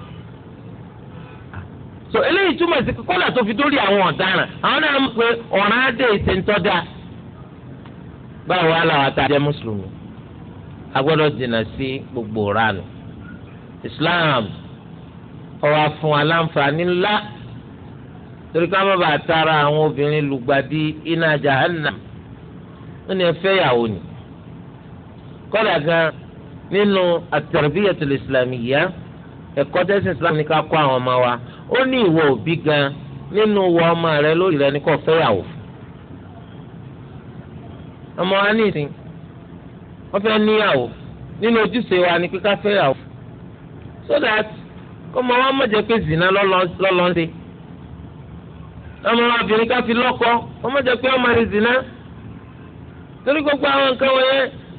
A: so eléyìí túmọ̀ sí kọ́là tó fi dórí àwọn ọ̀daràn àwọn náà mọ̀ pé ọ̀ràn á dé ìṣe ń tọ́jà. báwo wá làwọn ata jẹ́ mùsùlùmí a gbọ́dọ̀ jìnnà sí gbogbo ránù Islam ọwọ́ fún aláǹfààní ńlá torí ká má bàa tara àwọn obìnrin lùgbàdì iná jahannam ó ní ẹ fẹ́ yàwó ni kọ́là gan-an. nínú at-tarbiyatul islamiyya ẹ̀kọ́ tẹ́sán islam ní ká kọ́ àwọn ọmọ wa ó ní ìwọ òbí gan nínú wọ ọmọ rẹ lórí rẹ ní kò fẹ́yàwó ọmọ wa ní ìsìn wọ́n fẹ́ níyàwó nínú ojúṣe wa ní fẹ́yàwó so that ọmọ wa mọ̀ pé zina lọ́lọ́ ṣe ọmọ wa ká fi ọmọ jẹ́ pé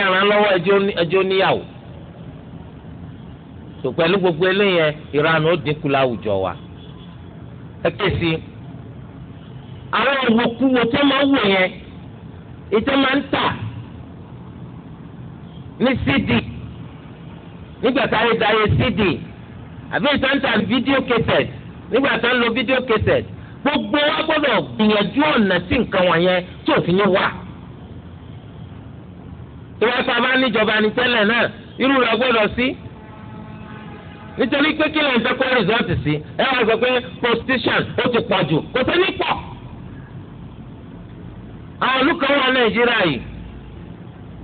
A: ẹ ràn lọ́wọ́ ẹjọ́ níyàwó tó pẹ̀lú gbogbo eléyẹn ìranù ó dínkù láwùjọ wa ẹ si àwọn ìwòkuwò tó máa ń wò yẹn ètò máa ń tà ní cd nígbà táyé dáyé cd àbí ìtàǹtà fídíò kẹsẹt nígbà tó lo fídíò kẹsẹt gbogbo wa gbọdọ gbìyànjú ọ̀nà tí nǹkan wọ̀nyẹn wà. tó bá sábà níjọba ní tẹ́lẹ̀ náà irú rẹ̀ gbọ́dọ̀ sí nítorí pé kí lóun fẹ́ kó rìsọ́ọ̀tì sí ẹ wá sọ pé prostitution ó ti pọ̀ jù kò sí ní pọ̀ àwọn olùkọ́ wà nàìjíríà yìí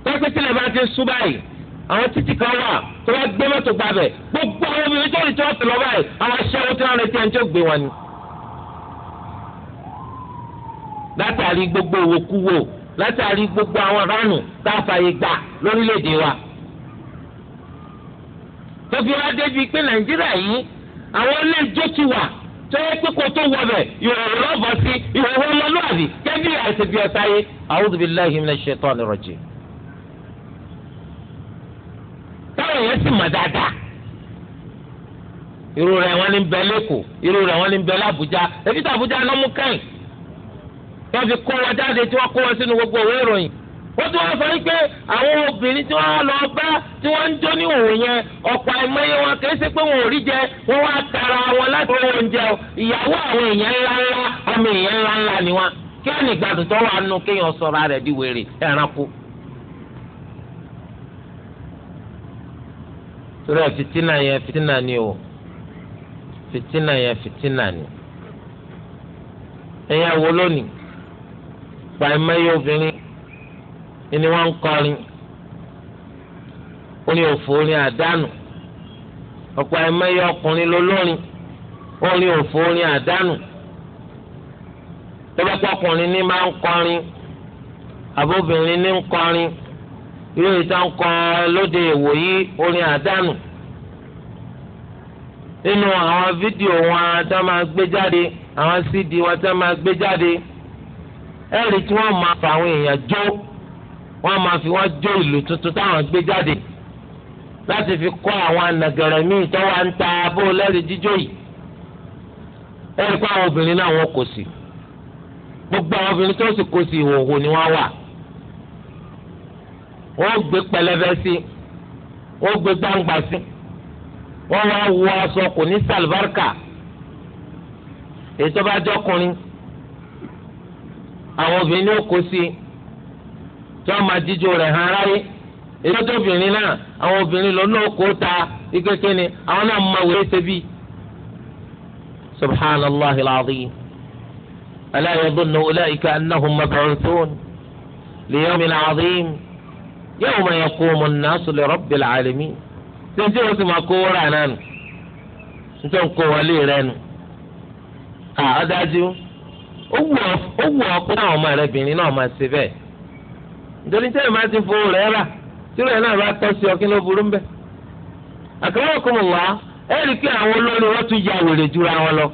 A: pẹ́pẹ́ tí lè bá ti sún báyìí àwọn títì kan wà tó bá gbé mọ́tò gbàbẹ̀ gbogbo àwọn obìnrin tó lè tó ọ̀tún lọ àwọn aṣẹ́wó tí wọ́n retí ẹni tó gbé wọn ni látàrí gbogbo òwòkúwò látàrí gbogbo àwọn ránù tá a fààyè gbà lórílẹ̀‐èdè wa. tó fi wá débi pé nàìjíríà yìí àwọn ilé ijó ti wà tó yẹ pé kó tó wọbẹ̀ ìhòòhò lọ́bọ̀ sí ìhòòhò ọmọlúwàbí kẹ́bí àti bí ọ̀tá yé a'udhu billahi minash shaitani rajim. táwọn èèyàn sì mọ̀ dáadáa irú rẹ̀ wọ́n ní bẹ lẹ́kọ̀ọ́ irú rẹ̀ wọ́n ní bẹ l'Àbújá ẹbí tí Àbújá lọ́mú kẹ́yìn wọ́n fi kó wọn jáde tí wọ́n kó wọn sínú gbogbo òwe ìròyìn ó tún wọ́n sọ wípé àwọn obìnrin tí wọ́n lọ bá tí wọ́n ń jó ní yẹn ọ̀pọ̀ àìmọye wọn kì í pé wọn ò rí jẹ wá tara wọn láti owó oúnjẹ ìyàwó àwọn èèyàn ńláńlá ọmọ èèyàn ni wọn kí wọn ní gbàdùn tó wà nù kéèyàn di wèrè ẹranko. ọ̀pọ̀ ẹ̀mẹ́yẹ obìnrin ni wọ́n ń kọrin orin òfò orin àdánù ọ̀pọ̀ ẹ̀mẹ́yẹ ọkùnrin lolórin orin òfò orin àdánù tọ́lọ́pọ̀ ọkùnrin ní máa ń kọrin àbóbìnrin ní ń kọrin irú ìta ń kọ lóde ìwòyí orin àdánù nínú àwọn fídíò wọn àwọn wọn ẹ̀rí tí wọ́n máa fa àwọn èèyàn jó wọ́n máa fi wọ́n jó ìlú tuntun táwọn gbé jáde láti fi kọ́ àwọn anagẹ̀rẹ̀ míì tó wá ń ta abó lẹ́rìí jíjó yìí ẹ̀rí pé àwọn obìnrin náà wọ́n kò sí gbogbo àwọn obìnrin tó sì kò sí ìhòòhò ni wọ́n wà wọ́n gbé pẹlẹbẹ sí wọ́n gbé gbangba sí wọ́n wá wọ aṣọ kò ní sàlùbáríkà èyí tó bá jọkùnrin. àwọn obìnrin ní òkó sí i tí wọn máa jíjó rẹ̀ hàn aráyé èyí tó obìnrin náà àwọn obìnrin lọ náà kó ta ikeke ni àwọn náà máa wèrè ṣe bí. subhana allah ilaadi ala yadunnu ulaika annahum mab'uthun liyawmin azim yawma yaqumu an-nasu li rabbil alamin. tẹ̀sí o sì máa kó wúrà náà nítorí kó wọlé rẹ̀ nù. àádájú. ó wù ọ́ pé àwọn ọmọ rẹ bìnrin náà máa ṣe bẹ́ẹ̀ nítorí tí ẹ̀ máa ti fowó rẹ̀ rà tí rẹ̀ náà bá tọ́ sí ọ kí ló burú mbẹ́. àkàrà ọkọ ya were jura wọn lọ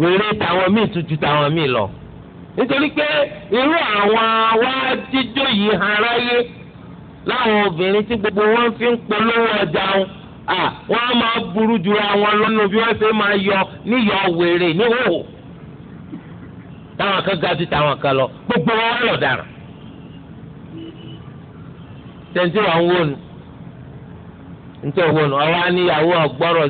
A: wèrè tàwọn míì tún ju tàwọn míì lọ nítorí pé irú àwọn wá jíjó yìí hàn láwọn obìnrin tí gbogbo wọn fi ń polówó ọjà wọn wọn máa burú bí ṣe máa yọ níyọ táwọn kan ga ju táwọn kan lọ gbogbo wọn lọ dàrú tẹ̀sí wa ń wónu nítorí wónu ọwọ́ aníyàwó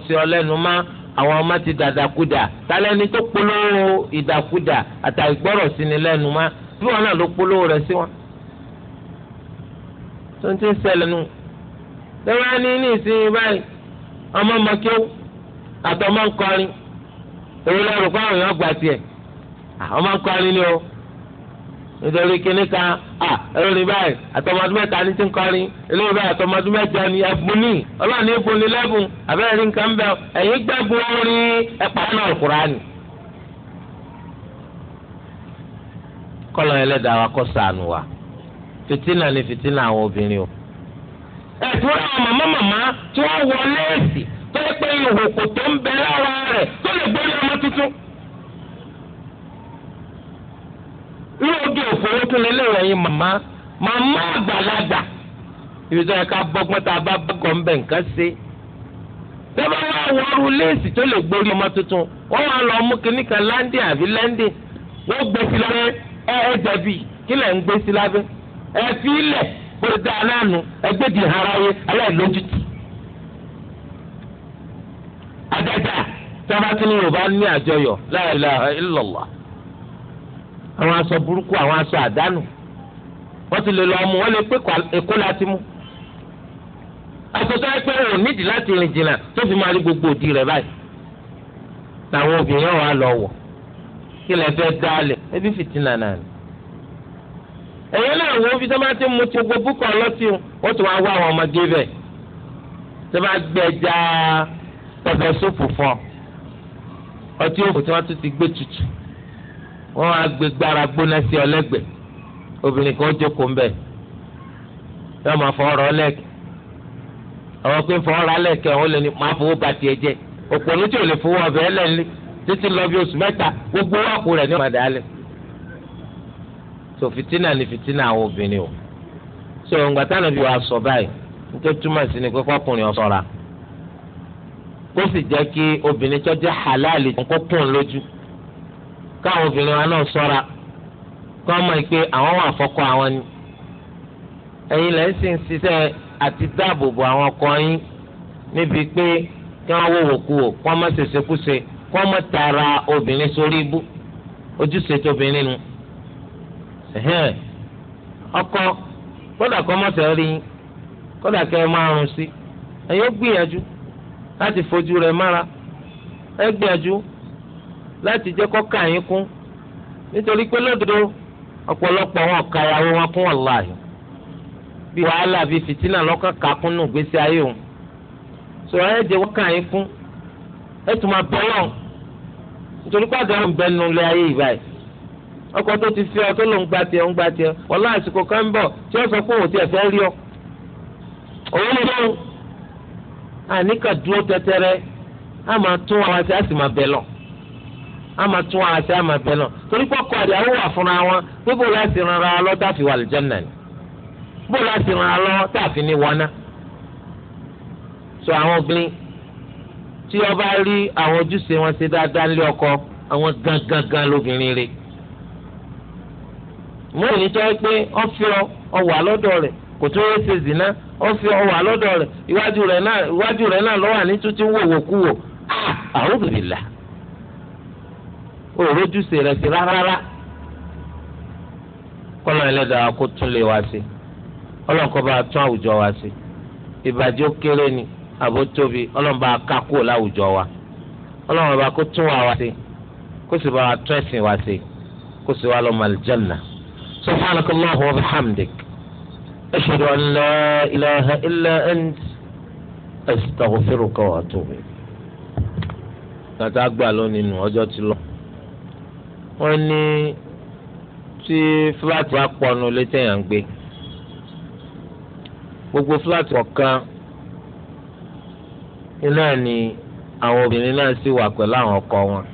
A: sí ọ lẹnu má àwọn ọmọ ti dàdàkudà tálẹ́ni tó polówó ìdàkudà àtàgbọ́rọ̀ sí ni lẹ́nu má bí wọn náà ló polówó rẹ̀ sí wọn tó ń tún ní ìsinyìí báyìí ọmọ kí ó àwọn ah, máa ń kọrin ni o nítorí kíní kan ah, ẹ̀rọ ní báyìí àtọmọdún mẹta ní ti ń kọrin eléyìí báyìí àtọmọdún mẹ́ta ní ẹ̀bùn ní ọlọ́run ní ìbùn ní lẹ́bùn àbẹ́rẹ́ ní nǹkan bẹ́ẹ̀ ẹ̀yìn gbẹ́gun orin ẹ̀pà náà Kùránì. kọ́lọ̀ ẹlẹ́dàá wa kọ́ sànù wa fìtínà ni fìtínà àwọn obìnrin o.
B: àwọn màmá màmá tí wọ́n wọlé èsì tó yẹ pé tó ń bẹ
A: lóde òfòwò tún lé lẹ́yìn màmá màmá àgbàlagbà ibi tó yẹ ká bọ́gbọ́n tá a bá bọ́gọ̀ ń bẹ̀ nǹkan ṣe. dábàá wá wọ léèsì tó lè ọmọ tuntun wọ́n wá lọ mú kinní kan láńdì àbí láńdì wọ́n gbé sí ẹ ẹ kí lẹ̀ ń gbé sí lábẹ́ ẹ fi ilẹ̀ bó aláàánú ẹgbẹ́ di àwọn aṣọ burúkú àwọn aṣọ àdánù wọ́n ti lè lọ mú wọ́n lè pé èkó láti mú aṣọ tó yẹ pé ò nídìí láti rìn jìnnà tó fi máa rí gbogbo òdì rẹ̀ báyìí làwọn obìnrin wa lọ wọ̀ kí lè fẹ́ dálẹ̀ ẹbí fìtínà náà ni ẹ̀yẹ́ náà wọ́n fi sábà ti mú ti gbogbo kan lọ́tì wọ́n ti wá wá àwọn ọmọge bẹ̀ sábà gbẹja pẹpẹ sóòpù fún ọ ọtí òfò tí wọ́n ti gbé tutù wọ́n á gbé gbára gbóná sí ọlẹ́gbẹ̀ẹ́ obìnrin kan jókòó ń bẹ̀ yọ máa fọ ọ̀rọ̀ lẹ́ẹ̀kì àwọn pé fọ ọ̀rọ̀ lẹ́ẹ̀kì àwọn olè ní máa fowó ba tiẹ̀ jẹ òpònú tí ò lè fowó ọbẹ̀ ẹ̀ lẹ́ni títí lọ bí oṣù mẹ́ta gbogbo wàkú rẹ̀ ní ọ̀mọ̀dé alẹ́ so fitina ni fitina àwọn obìnrin o so ǹgbà táwọn ibi wàá sọ báyìí nítorí túmọ̀ sí ni kókó ọkùnrin ọ̀sọ́ra kó sì jẹ́ kí obìnrin tó jẹ́ halal kó kún lójú káwọn obìnrin wa náà sọ́ra kọ́ ọmọ yìí pé àwọn wà fọ́kọ àwọn ni ẹ̀yin lẹ́yìn sì ń ṣiṣẹ́ àti dáàbò bo àwọn ọkọ yín níbi pé kí wọ́n wò wòkú wò kọ́ ọmọ obìnrin sórí ibú ọkọ kódà kọ́ ọmọ tẹ̀rí kódà kẹ́ ẹ máa rún sí ẹ̀yin láti jẹ́ kọ́ ká yín kún nítorí pé lọ́dọ̀ ọ̀pọ̀lọpọ̀ wọn ọ̀ka wọn kún wàláhì bí wàhálà bíi fìtínà lọ́kàn ká kún nù gbèsè ayé òun sọ̀rọ̀ ẹ̀ jẹ́ wọ́n ká yín kún ẹ̀ tún máa bọ́ lọ́n nítorí pé ayé ọkọ tó ti fi ọ tó lòún gba ń gba àsìkò kan ń àmà tún àṣẹ àmà bẹ náà torí pọkọ àdìyàwó wà fúnra wọn pé bó láti ràn ra lọ tá a fi wà lìjánà ni bó láti ràn ra lọ tá a fi ní wọná. sọ àwọn obìnrin tí ọba rí àwọn ojúṣe wọn ṣe dáadáa nílé ọkọ àwọn gangan lóbìnrin rẹ̀ mo ní tọ́ pé ọ̀fẹ́ ọ lọ́dọ̀ rẹ̀ kò tó ṣe zìnà ọ̀fẹ́ ọ lọ́dọ̀ rẹ̀ iwájú rẹ̀ náà lọ́wọ́ àní tó wò wò kú wò àrùbìlà. Ah, o ò rójúṣe rẹ̀ sí rárá kọ́lọ́ ẹlẹ́dàá kó tún lè wá sí ọlọ́nkọ́ bá tún àwùjọ wá sí ìbàjẹ́ ó kéré ni àbó tóbi ọlọ́run bá láwùjọ wa ọlọ́run kó tún wá wá sí kó sì bá wa tún ẹ̀sìn wá sí kó sì wá lọ́mọ àlùjànnà.
B: سبحانك الله وبحمدك
A: أشهد أن لا إله إلا أنت أستغفرك وأتوب إليك. kàtà gbà lónìí nù wọ́n ní tí fúláàtì apọ̀nù létí èèyàn gbé gbogbo fúláàtì ọ̀kan iná ni àwọn obìnrin náà sì wà pẹ̀lú àwọn ọkọ wọn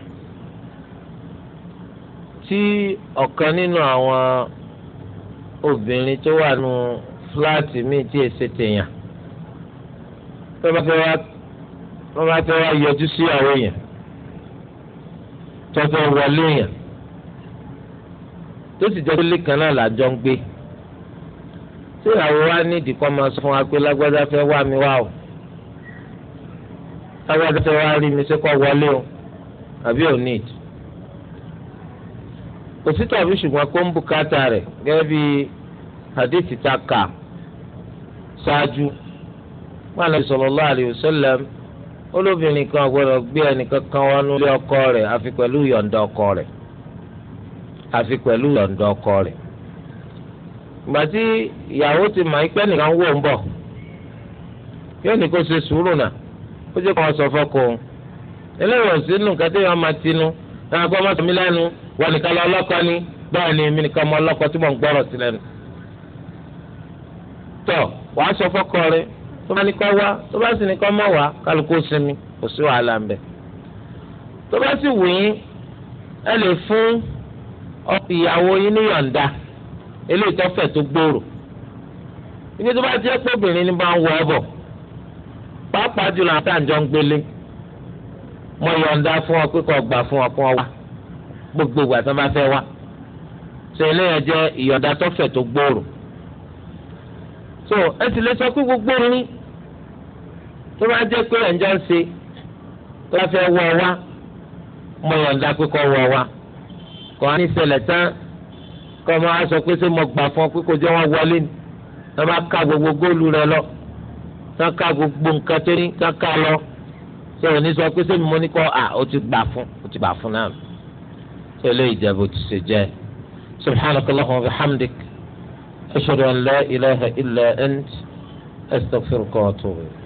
A: tí ọ̀kan nínú àwọn obìnrin tó wà nù fúláàtì míì tí èsì tèèyàn tó bá fẹ́ wá wọ́n bá fẹ́ yọjú sí àwọn èèyàn
B: tó wọlé
A: èèyàn. tó sì jẹ́ pélé kan náà làjọ ń gbé tí ìyàwó wa ní ìdíkọ́ máa sọ fún wa pé lágbádá fẹ́ wá mi wá o lágbádá fẹ́ wá rí mi ṣé kọ́ wọlé o àbí ò ní ìdí kò sí ṣùgbọ́n kó ń bùkátà rẹ̀ gẹ́gẹ́ bí hadithi ta kà ṣáájú wọn àlọ́ sallallahu alaihi wasallam olóbìnrin kan gbọ́dọ̀ gbé ẹnìkan kan wọnú ilé ọkọ rẹ̀ àfi pẹ̀lú ìyọ̀ǹda ọkọ rẹ̀ àfi pẹ̀lú lọ́ndọ̀ ọkọ rẹ̀ ìgbà tí ìyàwó ti mọ̀ ipẹ́ nìkan wò ń bọ̀ yóò ní kó ṣe sùúrù náà ó kó sọ fọ́kọ eléyìí ò nù nǹkan tí máa tinú náà gbọ́ mọ́tò mi lẹ́nu wọ́n nìkan lọ ọlọ́kọ ni ni èmi nìkan mọ ọlọ́kọ tí ọ̀fi ìyàwó yín níyọ̀ǹda eléyìí tó fẹ̀ tó gbòòrò ibi tó bá jẹ́ pé obìnrin ni bá ń wọ ọ̀bọ̀ pàápàá jùlọ àtàǹjọ ń gbélé mọ yọ̀ǹda fún ọ fún ọ ọ wá gbogbo ìgbà tó bá fẹ́ wá ṣe eléyìí jẹ́ ìyọ̀ǹda tó fẹ̀ tó gbòòrò so ẹ ti lè sọ pé gbogbo orin tó bá jẹ́ pé ń ṣe tó bá fẹ́ wọ ọ wá wá. kọ́ á ní ṣẹlẹ̀ tán kọ́ máa sọ pé ṣé mo gbà fún ọ pé kò jẹ́ wọ́n wọlé ni wọ́n bá ká gbogbo góòlù rẹ lọ tán ká gbogbo nǹkan tó ní tán ká lọ ṣé òní sọ pé ṣé mo ní kọ́ à ó ti gbà fún ó ti gbà fún náà ṣé eléyìí jẹ́ bó ti ṣe jẹ́ subhanaka allahumma wa bihamdik ashhadu an la ilaha illa ant astaghfiruka wa atubu ilayk.